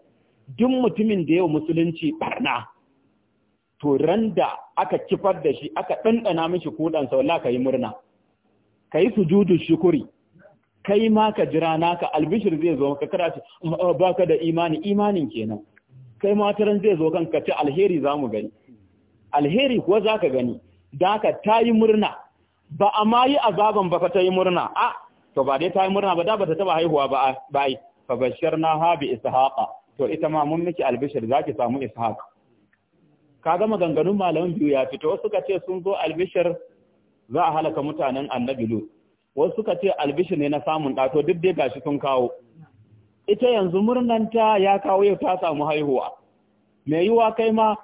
duk mutumin da yau musulunci barna to ran da aka kifar da shi aka ɗanɗana mishi kuɗansa walla ka yi murna ka yi sujudu shukuri kai ma ka jira naka albishir zai zo ah, ah, ka kira shi baka da imani imanin kenan kai ma taran zai zo kan ka ci alheri zamu gani alheri kuwa zaka gani da ka tayi murna ba a ma yi azaban ba ka tayi murna a to ba dai ta yi murna ba da ba ta taba haihuwa ba ba fa basharna ha bi ishaqa to ita ma mun miki albishir zaki samu Ka gama maganganun malamin biyu ya fito wasu suka ce sun zo albishir za a halaka mutanen annabi lu wasu suka ce albishir ne na samun da to duk dai gashi sun kawo ita yanzu ta ya kawo ya ta samu haihuwa mai yiwa kai ma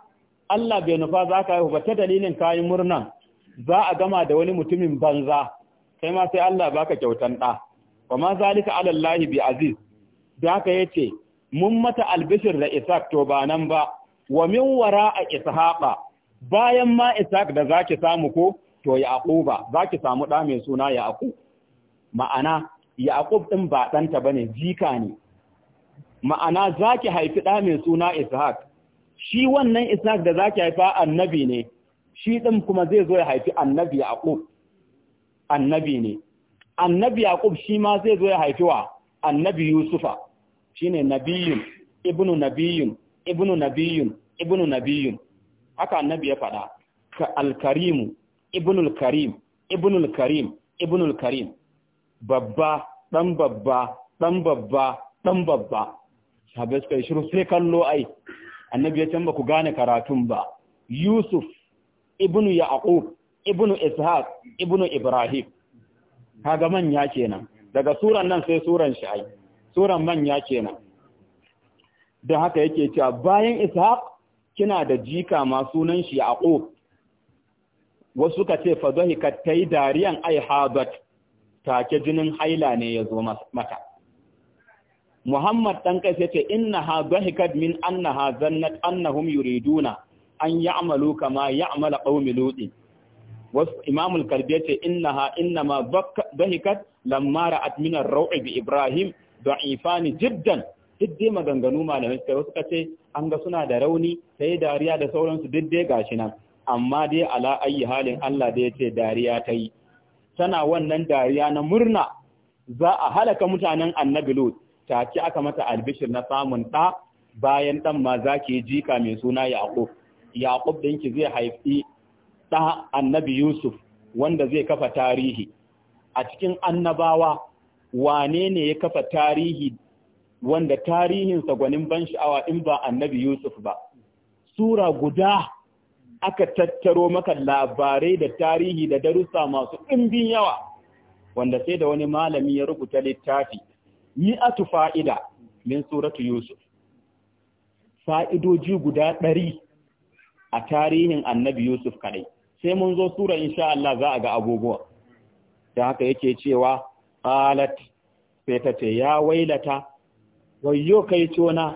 Allah bai nufa za ka haihu ba ta dalilin kayan murnan za a gama da wani mutumin banza Sai ma sai Allah baka kyautan ɗa wa ma zalika ala Allah bi aziz da haka yace mun mata albishir da Isaac to ba nan ba wa min wara a ishaɓa. bayan ma Isaac da ki samu ko to Yaquba zaki samu ɗa mai suna Yaqub ma'ana Yaqub din ba ɗanta bane jika ne ma'ana zaki haifi ɗa mai suna isaq. shi wannan isaq da zaki haifa annabi ne shi ɗin kuma zai zo ya haifi annabi Yaqub annabi ne annabi yaqub shi ma zai zo ya haifi wa annabi yusufa shine nabiyun ibnu nabiyun ibnu nabiyun ibnu nabiyun haka annabi ya faɗa ka alkarimu ibnu alkarim ibnu alkarim ibnu alkarim babba dan babba dan babba dan babba sabai sai shiru sai kallo ai annabi ya can ba gane karatun ba yusuf ibnu yaqub ibnu ishaq ibnu ibrahim kaga manya kenan daga suran nan sai suran sha'i suran manya kenan don haka yake cewa bayan ishaq kina da jika ma sunan shi yaqub wasu suka ce fa ka tai dariyan ai habat take jinin haila ne ya zo mata muhammad dan kai sai ce inna ha zahikat min annaha zannat annahum yuriduna an ya'malu kama ya'mala qaumi lutin imam al-kalbi yace innaha innama dhahikat lamma ra'at min ar-raw'i bi ibrahim jiddan diddai maganganu malamai suka wasu kace an ga suna da rauni ta yi dariya da sauransu diddai gashi nan amma dai ala ayi halin Allah da ya ce dariya ta yi tana wannan dariya na murna za a halaka mutanen annabi lut take aka mata albishir na samun ɗa bayan ɗan ma za ki jika mai suna Yaƙub. Yaƙub ɗinki zai haifi ɗa annabi Yusuf wanda zai kafa tarihi. A cikin annabawa, wane ne ya kafa tarihi wanda tarihinsa gwanin ban sha'awa in ba annabi Yusuf ba. Sura guda aka tattaro maka labarai da tarihi da darussa masu ɗimbin yawa, wanda sai da wani malami ya rubuta littafi, mi'atu fa'ida min suratu Yusuf. Fa'idoji guda ɗari a tarihin annabi Yusuf kadai sai mun zo sura insha Allah za a ga abubuwa da haka yake cewa qalat sai ta ce ya wailata wayyo kai tona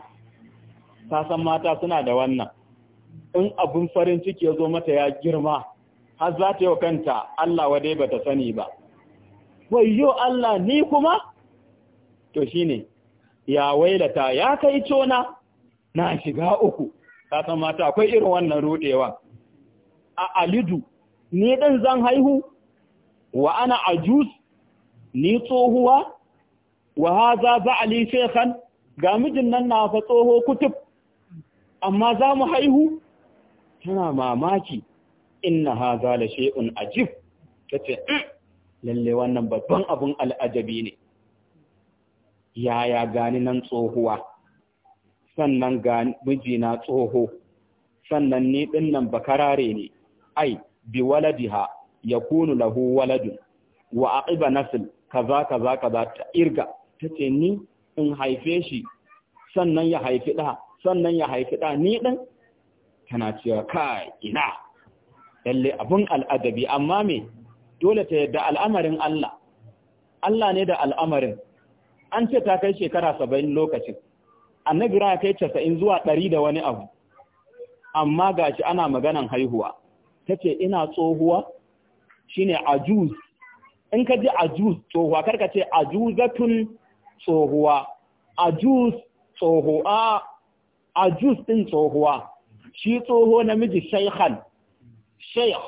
ta san mata suna da wannan in abun farin ciki ya zo mata ya girma har za ta yi kanta Allah dai bata sani ba wayyo Allah ni kuma to shine ya wailata ya kai tona na shiga uku ka mata akwai irin wannan rudewa a alidu ni dan zan haihu wa ana ajuz ni tsohuwa wa haza Ali shekhan ga mijin nan na fa tsoho kutub amma za mu haihu tana mamaki inna haza la shay'un ajib tace mm, lalle wannan babban abun al'ajabi ne yaya gani nan tsohuwa sannan ga mijina tsoho sannan ni ba bakarare ne ai bi waladiha yakunu lahu waladun wa aqiba nasl kaza kaza kaza ta irga tace ni in haife shi sannan ya haifi da sannan ya haifi da ni din tana cewa kai ina lalle abun al'adabi amma me dole ta yadda al'amarin Allah Allah ne da al'amarin an ce ta kai shekara 70 lokacin annabi ya kai casa'in zuwa ɗari da wani abu amma gashi ana maganan haihuwa ta ce ina tsohuwa shine ajuz in ka ji ajuz tsohuwa karka ce ajuzatun tsohuwa ajuz tsohuwa ajuz din tsohuwa shi tsoho namiji shaihan shaykh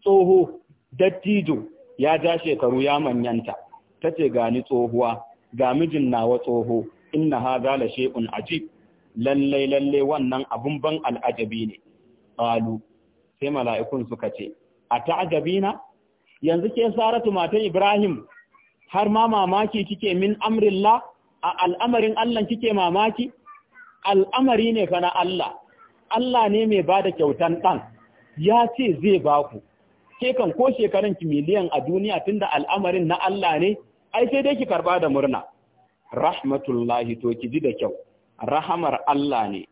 tsoho dattijo ya ja shekaru ya manyanta Ta ce gani tsohuwa ga mijin nawa tsoho inna hadha la shay'un ajib lalle lalle wannan abun ban al'ajabi ne qalu sai mala'ikun suka ce a ta'ajabina yanzu ke saratu matan Ibrahim har ma mamaki kike min amrillah a al'amarin Allah kike mamaki al'amari ne fa na Allah Allah ne mai bada kyautan dan ya ce zai baku ke kan ko shekaran ki miliyan a duniya tunda al'amarin na Allah ne ai sai dai ki karba da murna rahmatullahi to ki ji da kyau rahamar Allah ne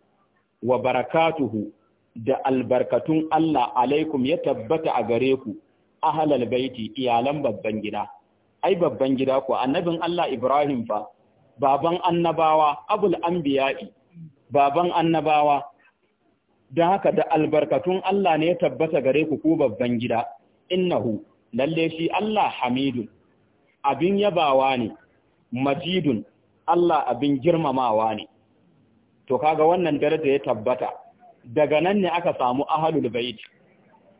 wa barakatuhu da albarkatun Allah alaikum ya tabbata a gare ku ahlal baiti iyalan babban gida ai babban gida ku annabin Allah Ibrahim fa baban annabawa abul anbiya'i baban annabawa don haka da albarkatun Allah ne ya tabbata gare ku ko babban gida innahu lalle shi Allah Hamidu. abin yabawa ne majidun Allah abin girmamawa ne to kaga wannan daraja ya tabbata daga nan ne aka samu ahlul bait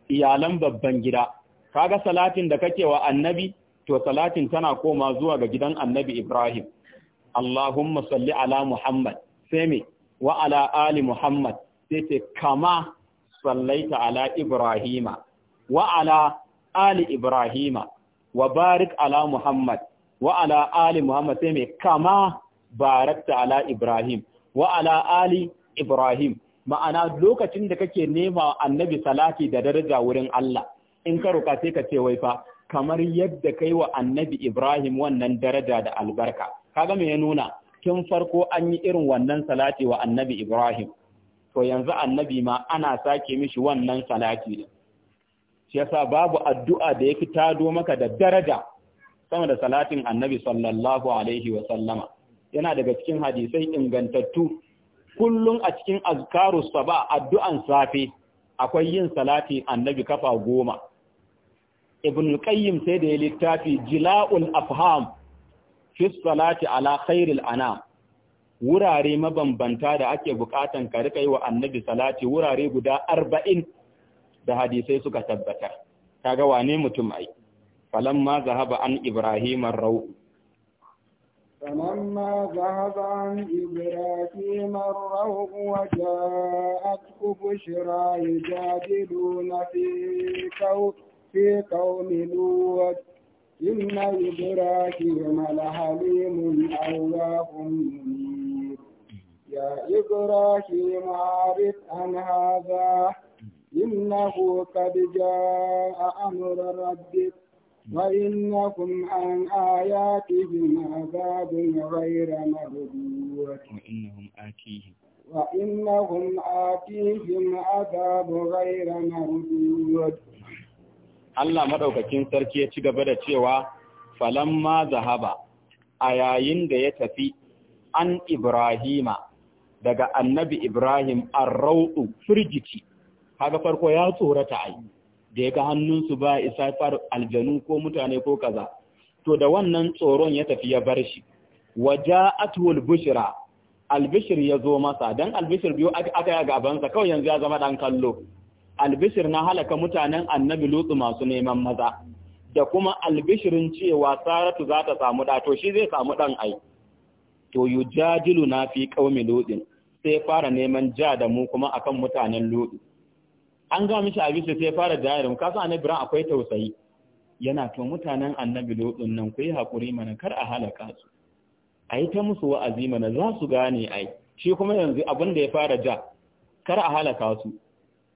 iyalan babban gida kaga salatin da kake wa annabi to salatin tana koma zuwa ga gidan annabi Ibrahim Allahumma salli ala Muhammad sai me wa ala ali Muhammad sai ce kama sallaita ala Ibrahima wa ala ali Ibrahima wa barik ala Muhammad wa ala ali Muhammad sai mai kama barakta ala Ibrahim wa ala ali Ibrahim ma'ana lokacin da kake nema annabi salati da daraja wurin Allah in ka roka sai ka ce wai fa kamar yadda kai wa annabi Ibrahim wannan daraja da albarka kaga me ya nuna tun farko an yi irin wannan salati wa annabi Ibrahim to yanzu annabi ma ana sake mishi wannan salati ne shi yasa babu addu'a da yake tado maka da daraja sama da salatin annabi sallallahu alaihi wa sallama yana daga cikin hadisai ingantattu kullum a cikin azkaru saba addu'an safe akwai yin salati annabi kafa goma ibn qayyim sai da ya littafi jila'ul afham fi salati ala khairil anam wurare mabambanta da ake bukatan ka rika yi wa annabi salati wurare guda arba'in da hadisai suka tabbatar kaga wane mutum ai فلما ذهب عن إبراهيم الروء فلما ذهب عن إبراهيم الروء وجاءته بشرى يجادلون في قوم في قوم لوط إن إبراهيم لحليم أواه منير يا إبراهيم أعرف عن هذا إنه قد جاء أمر ربك وإنكم عن آياتهما باب غير مردود وإنهم آتيهم وإنهم آتيهم عذاب غير مردود Allah madaukakin sarki ya ci gaba da cewa ma zahaba a yayin da ya tafi an Ibrahima daga annabi Ibrahim arrau'u firgici haka farko ya tsorata a yi. da ya ga hannunsu ba isa far aljanu ko mutane ko kaza to da wannan tsoron ya tafi ya bar shi waja'atul bushra albishir ya zo masa dan albishir biyu aka yi gabansa kawai yanzu ya zama ɗan kallo albishir na halaka mutanen annabi lutsu masu neman maza da kuma albishirin cewa saratu za ta samu ɗa to shi zai samu ɗan ai to yujadilu na fi qaumi lutsin sai fara neman ja da mu kuma akan mutanen lutsu an ga mishi bisa sai ya fara jayarin ka san annabi ran akwai tausayi yana to mutanen annabi lodin nan ku yi hakuri mana kar a halaka su yi ta musu wa'azi mana za su gane ai shi kuma yanzu abin da ya fara ja kar a halaka su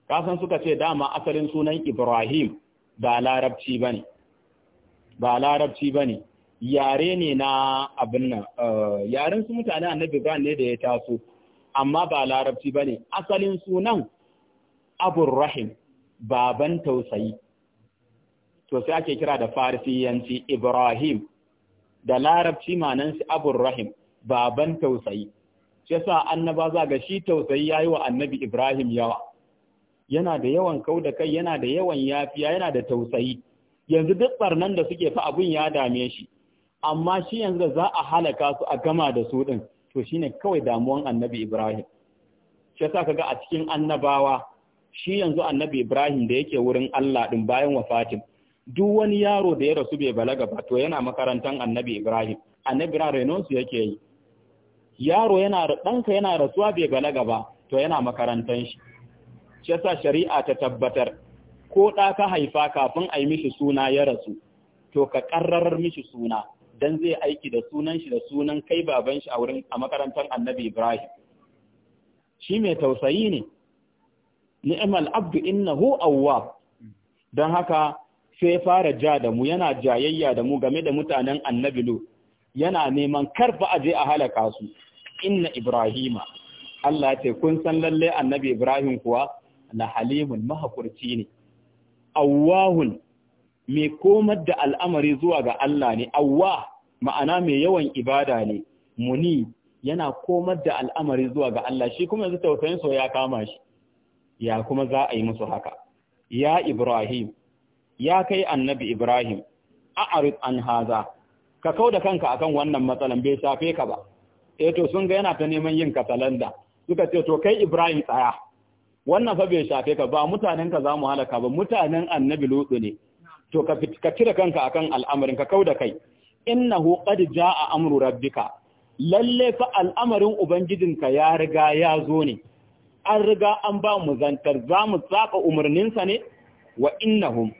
Kasan suka ce dama asalin sunan Ibrahim ba larabci bane ba larabci bane yare ne na abin nan eh, yaren su mutanen annabi ba ne da ya taso amma ba larabci bane asalin sunan Aburrahim, rahim baban tausayi to sai ake kira da farisiyanci ibrahim da larabci manansu Aburrahim, rahim baban tausayi shi yasa annaba za ga shi tausayi yayi wa annabi ibrahim yawa yana da yawan kau da kai yana da yawan yafiya yana da tausayi yanzu duk barnan da suke fa abun ya dame shi amma shi yanzu da za a halaka su a gama da su ɗin, to shi ne kawai damuwan annabi Ibrahim. Shi ka ga a cikin annabawa shi yanzu annabi Ibrahim da yake wurin Allah din bayan wafatin duk wani yaro da ya rasu bai balaga ba to yana makarantan annabi Ibrahim annabi Ibrahim su yake yi yaro yana ɗanka yana rasuwa bai balaga ba to yana makarantan shi shi yasa shari'a ta tabbatar ko da ka haifa kafin a yi mishi suna ya rasu to ka karrar mishi suna dan zai aiki da sunan shi da sunan kai baban shi a wurin a makarantar annabi Ibrahim shi mai tausayi ne ni'mal abdu innahu awwab don haka sai fara ja da mu yana jayayya da mu game da mutanen annabi lu yana neman karfa aje a halaka su inna ibrahima Allah ya ce kun san lalle annabi ibrahim kuwa la halimun mahakurci ne awwahun mai komar da al'amari zuwa ga Allah ne awwa ma'ana mai yawan ibada ne muni yana komar da al'amari zuwa ga Allah shi kuma yanzu tausayin so ya kama shi ya kuma za a yi musu haka ya Ibrahim ya kai annabi Ibrahim a'rid an haza ka kau da kanka akan wannan matsalan bai shafe ka ba eh to sun ga yana ta neman yin katalanda suka ce to kai Ibrahim tsaya wannan fa bai shafe ka ba mutanen ka mu halaka ba mutanen annabi lutsu ne to ka ka cire kanka akan al'amarin ka kau da kai innahu qad jaa amru rabbika lalle fa al'amarin ubangijinka ya riga ya zo ne an riga an ba mu zantar za mu saba umarninsa ne wa innahum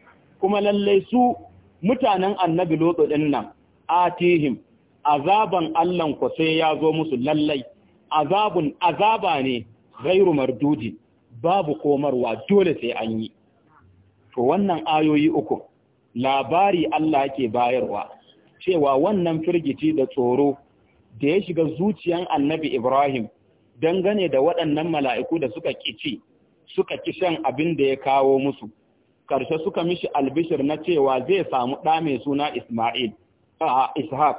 kuma lallai su mutanen annabi lotso din nan atihim azaban Allahn ku sai ya zo musu lallai azabun azaba ne ghairu mardudi babu komarwa dole sai an yi to wannan ayoyi uku labari Allah yake bayarwa cewa wannan firgici da tsoro da ya shiga zuciyan annabi Ibrahim dangane da waɗannan mala'iku da suka kici suka ki shan abin da ya kawo musu ƙarshe suka mishi albishir na cewa zai samu ɗa mai suna Ismail a Ishaq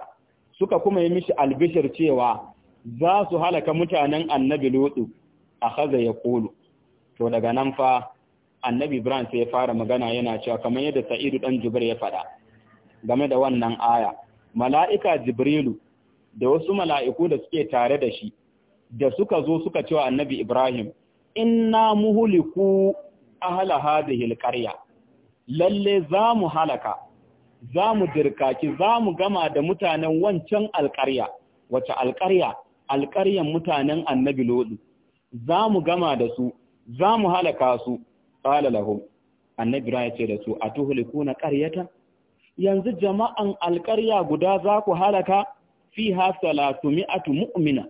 suka kuma yi mishi albishir cewa za su halaka mutanen annabi Lutu a haza ya kolu to daga nan fa annabi Ibrahim sai ya fara magana yana cewa kamar yadda Sa'idu Ɗan Jibir ya faɗa game da wannan aya mala'ika Jibrilu da wasu mala'iku da suke tare da shi da suka zo suka cewa annabi Ibrahim, Inna muhuliku ahala hadihil ƙarya, lalle za mu halaka, za mu dirkaki, za mu gama da mutanen wancan alƙarya, wace alƙarya, alƙaryan mutanen annabi lodi, za mu gama da su, za mu halaka su, tsala lahum. Annabi ya ce da su, a tuhuliku na Yanzu jama'an alƙarya guda za ku halaka fi ha salatu mi'atu mu'mina.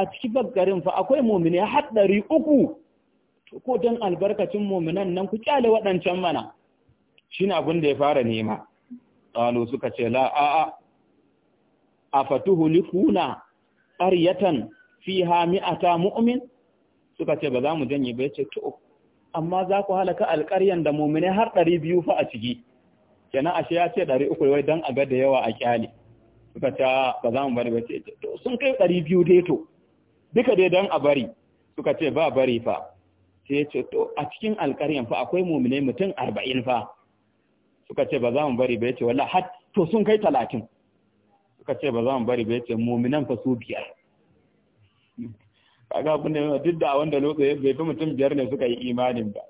a cikin garin fa akwai mumini haɗari uku ko don albarkacin muminan nan ku kyale waɗancan mana shi ne abin da ya fara nema ƙalu suka ce la'a'a a fatuhu likuna ƙaryatan fi ta mu'min suka ce ba za mu janye ba ya ce to amma za ku halaka alƙaryan da mumini har ɗari biyu fa a ciki kenan ashe ya ce ɗari uku wai don a ga da yawa a kyale suka ce ba za mu bari ba ce to sun kai ɗari biyu dai to duka dai don a bari suka ce ba bari fa sai ya ce to a cikin alkaryan fa akwai mumine mutum arba'in fa suka ce ba za mu bari ba ya ce wala har to sun kai talatin suka ce ba za mu bari ba ya ce muminan fa su biyar kaga abin da duk da wanda lokaci bai fi mutum biyar ne suka yi imanin ba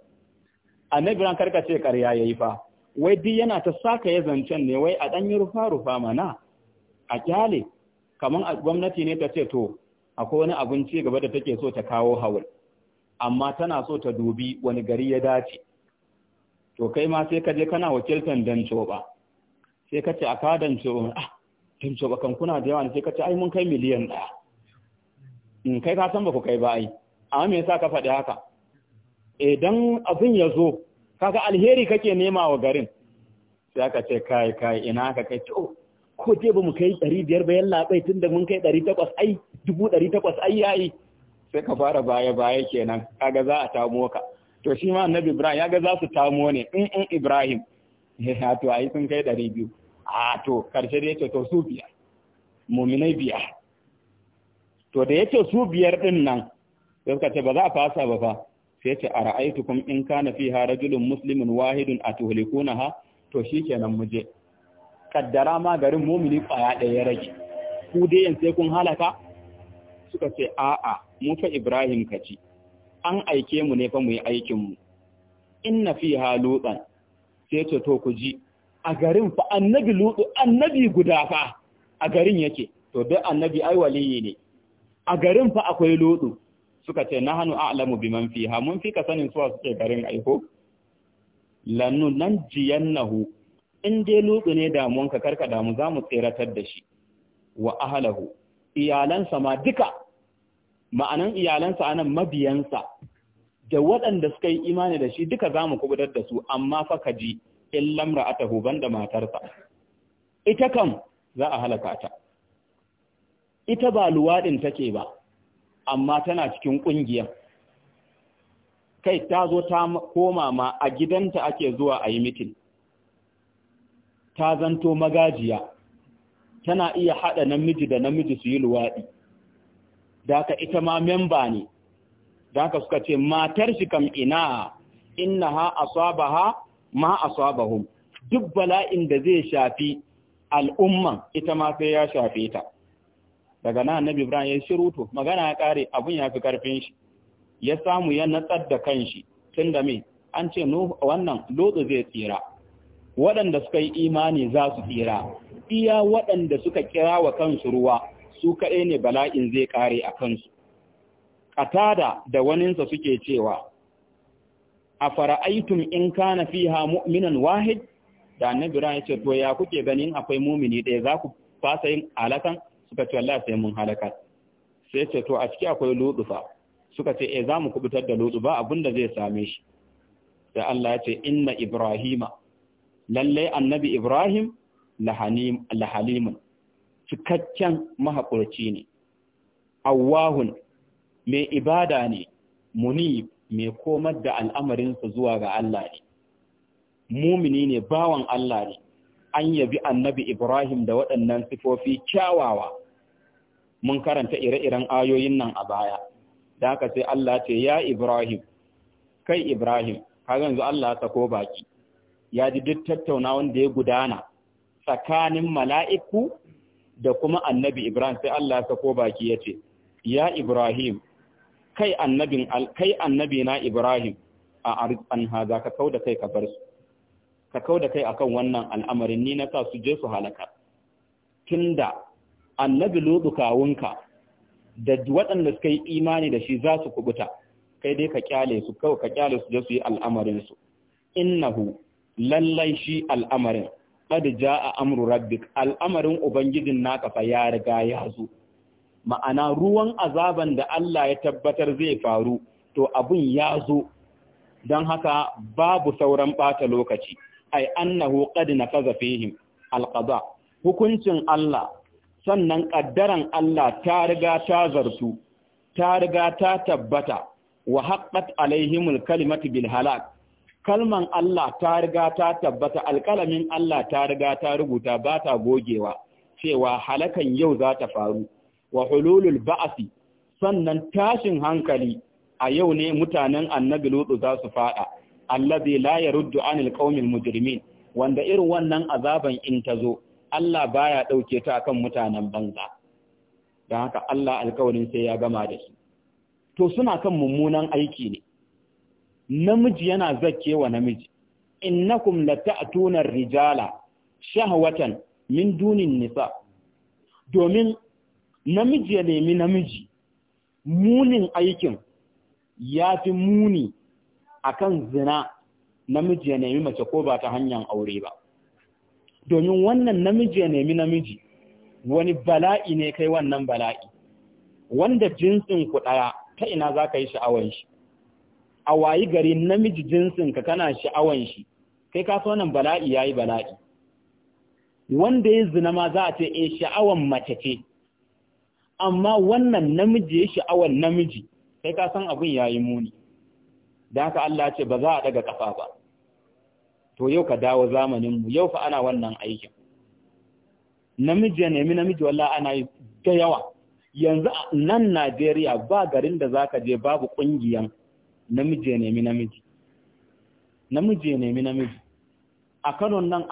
annabi ran karka ce ya yayi fa wai duk yana ta saka ya zancen ne wai a dan yi rufa rufa mana a kyale kaman gwamnati ne ta ce to akwai wani abinci gaba da take so ta kawo hawul amma tana so ta dubi wani gari ya dace to kai ma sai ka je kana wakiltan coba. sai ka ce a ka dancoba ah dancoba kan kuna da yawa sai ka ce ai mun kai miliyan ɗaya in hmm, kai ka san ba ku kai ba ai amma me yasa ka faɗi haka idan eh, abin ya zo kaga alheri kake nema wa garin sai aka ce kai kai ina ka kai to ko je ba mu kai ɗari biyar bayan labai tun da mun kai ɗari takwas ai dubu ɗari takwas ai yayi sai ka fara baya baya kenan kaga za a tamo ka to shi ma annabi ibrahim ya ga za su tamo ne in in ibrahim ya to ai sun kai ɗari biyu a to karshe da yace to su biyar muminai biyar to da yace su biyar din nan sai suka ce ba za a fasa ba fa sai ce a ra'aitukum in kana fiha rajulun muslimun wahidun atuhlikunaha to shikenan mu je kaddara ma garin mumini kwaya ɗaya rage ku dai sai kun halaka suka ce a'a mu fa Ibrahim ka ci an aike mu ne fa mu yi aikin mu inna ha lutsan. sai to to ku ji a garin fa annabi lutsu annabi guda fa a garin yake to dai annabi ai waliyi ne a garin fa akwai luɗu. suka ce na hannu a'lamu biman fiha mun fi ka sanin suwa suke garin aiko lannu nan jiyannahu in dai lutsu ne damuwanka karka damu za mu tseratar da shi wa ahalahu iyalansa ma duka ma'anan iyalansa anan mabiyansa da waɗanda suka yi imani da shi duka za mu kubutar da su amma fa ka ji in lamra a tahuban da matarsa ita kam za a halaka ta ita ba luwaɗin take ba amma tana cikin ƙungiyar kai ta zo ta koma ma a gidanta ake zuwa a yi mitin ta zanto magajiya tana iya haɗa namiji da namiji su yi luwaɗi da ka ita ma memba ne da ka suka ce matar shi kam ina inna ha asabaha ma asabahum duk bala'in da zai shafi al'umman ita ma sai ya shafe ta daga nan na Ibrahim ya to magana ya kare abun ya fi karfin shi ya samu ya natsar da kanshi tunda me an ce wannan lotsu zai tsira waɗanda suka yi imani za su tsira iya waɗanda suka kira wa kansu ruwa su kaɗai ne bala'in zai ƙare a kansu Ƙatada da waninsa suke cewa a fara'aitun in kana ha mu'minan wahid da na ya ce to ya kuke ganin akwai mumini ɗaya za ku fasa yin halakan suka ce Allah sai mun halaka sai ce to a ciki akwai lutufa suka ce e za mu kubutar da luɗu ba abin da zai same shi da Allah ya ce inna ibrahima lallai annabi Ibrahim lahalimun, cikakken mahaƙurci ne, awahun mai ibada ne, muni mai komar da al'amarinsa zuwa ga Allah ne, mumini ne bawan Allah ne, an yabi annabi Ibrahim da waɗannan sifofi kyawawa, mun karanta ire-iren ayoyin nan a baya, da aka sai Allah ce, Ya Ibrahim, kai Ibrahim, ka yanzu Allah ta ko baki. ya ji duk tattauna wanda ya gudana tsakanin mala'iku da kuma annabi Ibrahim sai Allah ya sako baki ya ce, Ya Ibrahim, kai annabi na Ibrahim a arzan haza ka kau da kai ka bar su, ka kau da kai akan wannan al'amarin ni na sa su je su halaka. Tunda annabi lodu kawunka da waɗanda suka yi imani da shi za su kubuta, kai dai ka kyale su, kawai ka kyale su je su yi al'amarinsu. Innahu lallai shi al'amarin qad jaa amru rabbik al'amarin ubangijin naka fa ya riga ya zo ma'ana ruwan azaban da Allah ya tabbatar zai faru to abun ya zo don haka babu sauran ɓata lokaci ai annahu na naqaza fihim alqada hukuncin Allah sannan ƙaddaran Allah ta riga ta zartu, ta riga ta tabbata, wa haƙƙat alaihimul kalimatu bil halak, kalman Allah ta riga ta tabbata alƙalamin Allah ta riga ta rubuta ba ta gogewa cewa halakan yau za ta faru wa hululul ba'asi sannan tashin hankali a yau ne mutanen annabi lutsu za su fada allazi la yaruddu anil qaumil mujrimin wanda irin wannan azaban in ta zo Allah baya dauke ta akan mutanen banza don haka Allah alƙawarin sai ya gama da shi to suna kan mummunan aiki ne namiji yana wa namiji innakum lata'tunar rijala shahwatan min dunin nisa domin namiji ya nemi namiji munin aikin ya fi muni akan zina namiji ya nemi mace ko ba ta hanyar aure ba domin wannan namiji ya nemi namiji wani bala'i ne kai wannan bala'i wanda jinsin ku ɗaya ta ina za ka yi sha'awar shi a wayi gari namiji jinsinka kana sha'awan shi kai ka so nan bala'i yayi bala'i wanda ya zina ma za a ce eh sha'awan mace ce amma wannan namiji ya sha'awan namiji kai ka san abin yayi muni da haka Allah ce ba za a daga kafa ba to yau ka dawo zamanin mu yau fa ana wannan aiki namiji ya nemi namiji wallahi ana yi da yawa yanzu nan Najeriya ba garin da zaka je babu kungiyan namiji ya nemi namiji namiji ya nemi namiji a kanon nan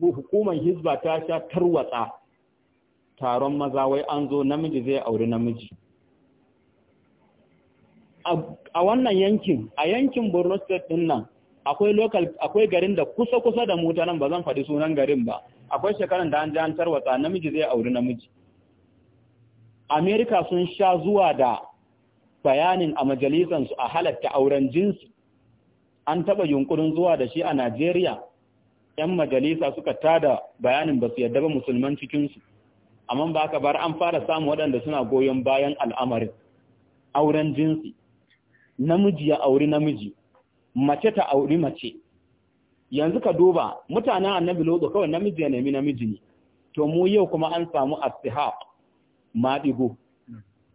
hukumar hizba ta sha tarwatsa taron maza wai an zo namiji zai auri namiji a wannan yankin a yankin borno state din nan akwai local akwai garin da kusa-kusa da mota nan ba zan faɗi sunan garin ba akwai shekaran da an ji an tarwatsa namiji zai auri namiji amerika sun sha zuwa da bayanin a majalisansu a halatta auren jinsi an taɓa yunkurin zuwa da shi a Najeriya ‘yan majalisa suka tada bayanin ba su yadda ba musulman cikinsu amma ba ka bar an fara samun waɗanda suna goyon bayan al'amarin auren jinsi namiji ya auri namiji mace ta auri mace yanzu ka duba mutanen annabi lodo kawai namiji ya nemi namiji ne to mu yau kuma an samu astihaq maɗigo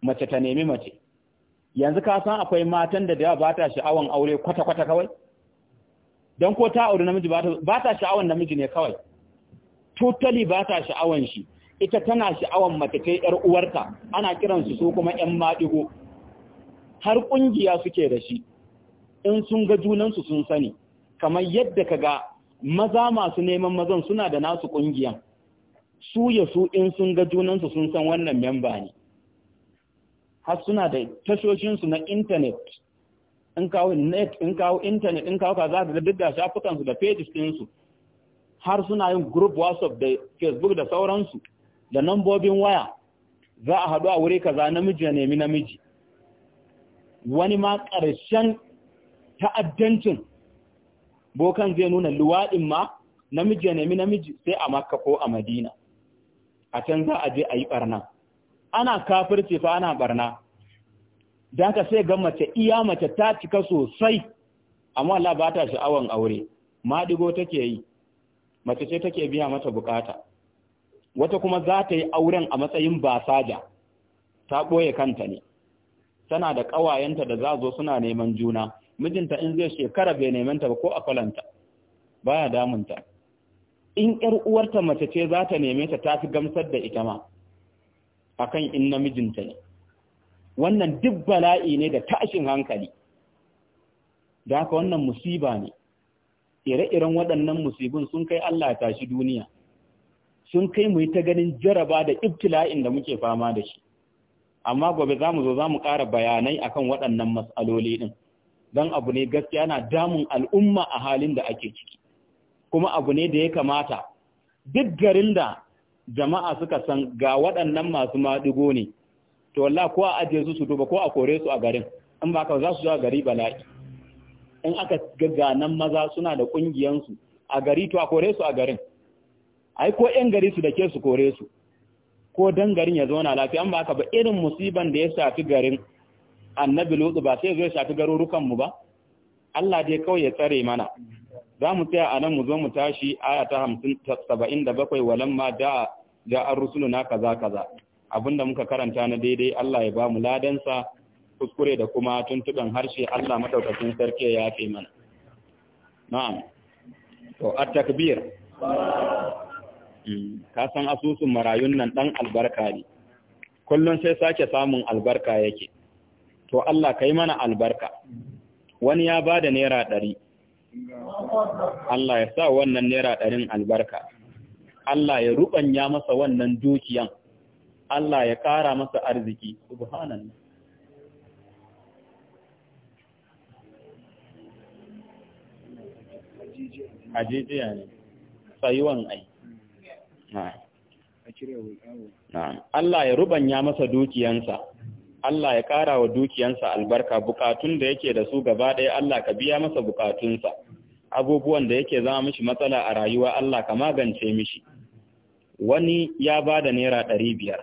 mace ta nemi mace yanzu ka san akwai matan da da ba ta sha'awan aure kwata-kwata kawai don ko ta auri namiji ba ta sha'awan namiji ne kawai totally ba ta sha'awan shi ita tana sha'awan matakai yar uwarta ana kiransu su kuma yan maɗigo har ƙungiya suke da shi in sun ga junansu sun sani kamar yadda ka ga maza masu neman mazan suna da nasu ƙungiyan su ya in sun ga junansu sun san wannan memba ne har suna da tashoshinsu na intanet in kawo net in kawo intanet in kawo kaza da duk da shafukansu da pages ɗinsu har suna yin group whatsapp da facebook da sauransu da nambobin waya za a haɗu a wuri kaza namiji ya nemi namiji wani ma ƙarshen ta'addancin bokan zai nuna luwaɗin ma namiji ya nemi namiji sai a makka ko a madina a can za a je a yi ɓarnan. ana kafirci fa ana barna da haka sai ga mace iya mace ta cika sosai amma Allah ba ta sha'awan aure madigo take yi mace ce take biya mata bukata wata kuma za ta yi auren a matsayin basaja ta ɓoye kanta ne tana da ƙawayenta da za zo suna neman juna mijinta in zai shekara bai neman ta ba ko a falanta baya damunta in ƴar uwarta mace ce za ta neme ta tafi gamsar da ita ma akan in namijinta ne wannan duk bala'i ne da tashin hankali da haka wannan musiba ne ire-iren waɗannan musibin sun kai Allah ta tashi duniya sun kai mu yi ta ganin jaraba da ibtila'in da muke fama da shi amma gobe za mu zo za mu ƙara bayanai akan waɗannan matsaloli ɗin don abu ne gaskiya na damun al'umma a halin da ake ciki kuma abu ne da ya kamata duk garin da jama'a suka san ga waɗannan masu maɗigo ne to wallahi ko a ajiye su su duba ko a kore su a garin in ba ka za su a gari bala'i in aka ga nan maza suna da ƙungiyansu a gari to a kore su a garin ai ko ƴan gari su da ke su kore su ko dan garin ya zauna lafiya an ba ka ba irin musiban da ya shafi garin annabi lutsu ba sai zai shafi garurukanmu ba Allah dai kawai ya tsare mana za mu tsaya a nan mu zo mu tashi aya ta hamsin saba'in da bakwai da ja an rusulu na kaza kaza abinda muka karanta na daidai Allah ya ba mu ladansa kuskure da kuma tuntuɓen harshe Allah madaukakin sarki ya fi mana na'am to at takbir hmm, ka san asusun marayun nan dan albarka ne kullun sai sake samun albarka yake to Allah kai mana albarka wani ya bada naira ɗari Allah ya sa wannan naira ɗarin albarka Allah ya ruɓanya masa wannan dukiyan Allah ya ƙara masa arziki subhanallah ajijiya ne tsayuwan ai Allah ya ruɓanya masa dukiyansa Allah ya ƙara wa dukiyansa albarka bukatun da yake da su gaba ɗaya Allah ka biya masa bukatunsa abubuwan da yake zama mishi matsala a rayuwa Allah ka magance mishi wani ya ba da naira ɗari biyar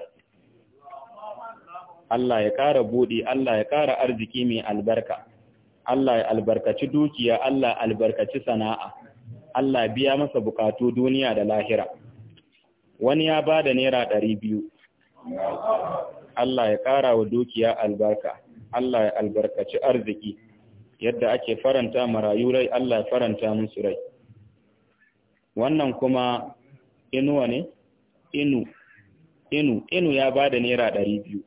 Allah ya ƙara buɗi Allah ya ƙara arziki mai albarka Allah ya albarkaci dukiya Allah albarkaci sana'a Allah biya masa bukatu duniya da lahira wani ya ba da naira ɗari biyu Allah ya ƙara wa dukiya albarka Allah ya albarkaci arziki yadda ake faranta marayu rai Allah ya faranta musu rai wannan kuma inuwa ne inu inu inu ya ba da naira ɗari biyu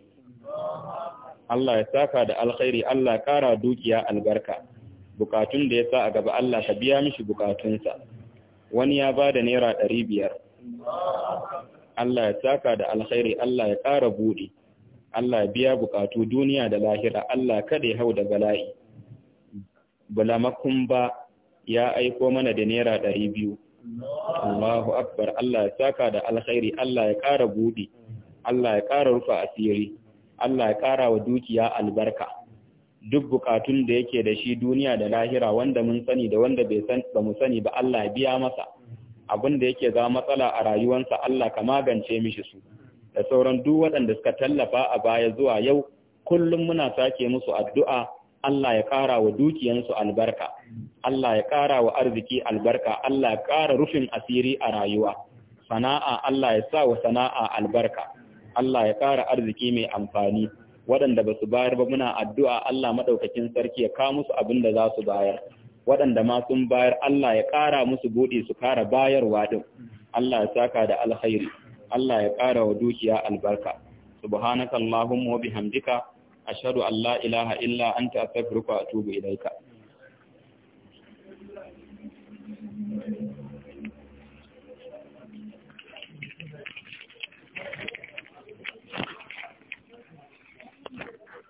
Allah ya saka da alkhairi Allah ya ƙara dukiya albarka bukatun da ya sa a gaba Allah ka biya mishi bukatunsa wani ya ba da naira ɗari biyar Allah ya saka da alkhairi Allah ya ƙara buɗe Allah biya bukatu duniya da lahira Allah kada ya hau da bala'i bulamakun ba ya aiko mana da naira ɗari biyu Allahu akbar Allah ya saka da alkhairi Allah ya ƙara buɗi Allah ya ƙara rufa asiri Allah ya ƙara wa dukiya albarka duk bukatun da yake da shi duniya da lahira wanda mun sani da wanda ba mu sani ba Allah ya biya masa abin da yake za matsala a rayuwarsa Allah ka magance mishi su da sauran duk waɗanda suka tallafa a baya zuwa yau kullum muna sake musu addu'a Allah ya ƙara wa dukiyansu albarka, Allah ya ƙara wa arziki albarka, Allah ya ƙara rufin asiri a rayuwa, sana'a Allah ya sa wa sana'a albarka, Allah ya ƙara arziki mai amfani, waɗanda ba su bayar ba muna addu'a Allah maɗaukakin sarki ya ka musu abin da za su bayar, waɗanda ma sun bayar Allah ya ƙara musu buɗe su ƙara bayarwa ɗin, Allah ya saka da alkhairi. Allah ya ƙara wa dukiya albarka subhanakallahumma wa bihamdika ashhadu an la ilaha illa anta astaghfiruka wa atubu ilaika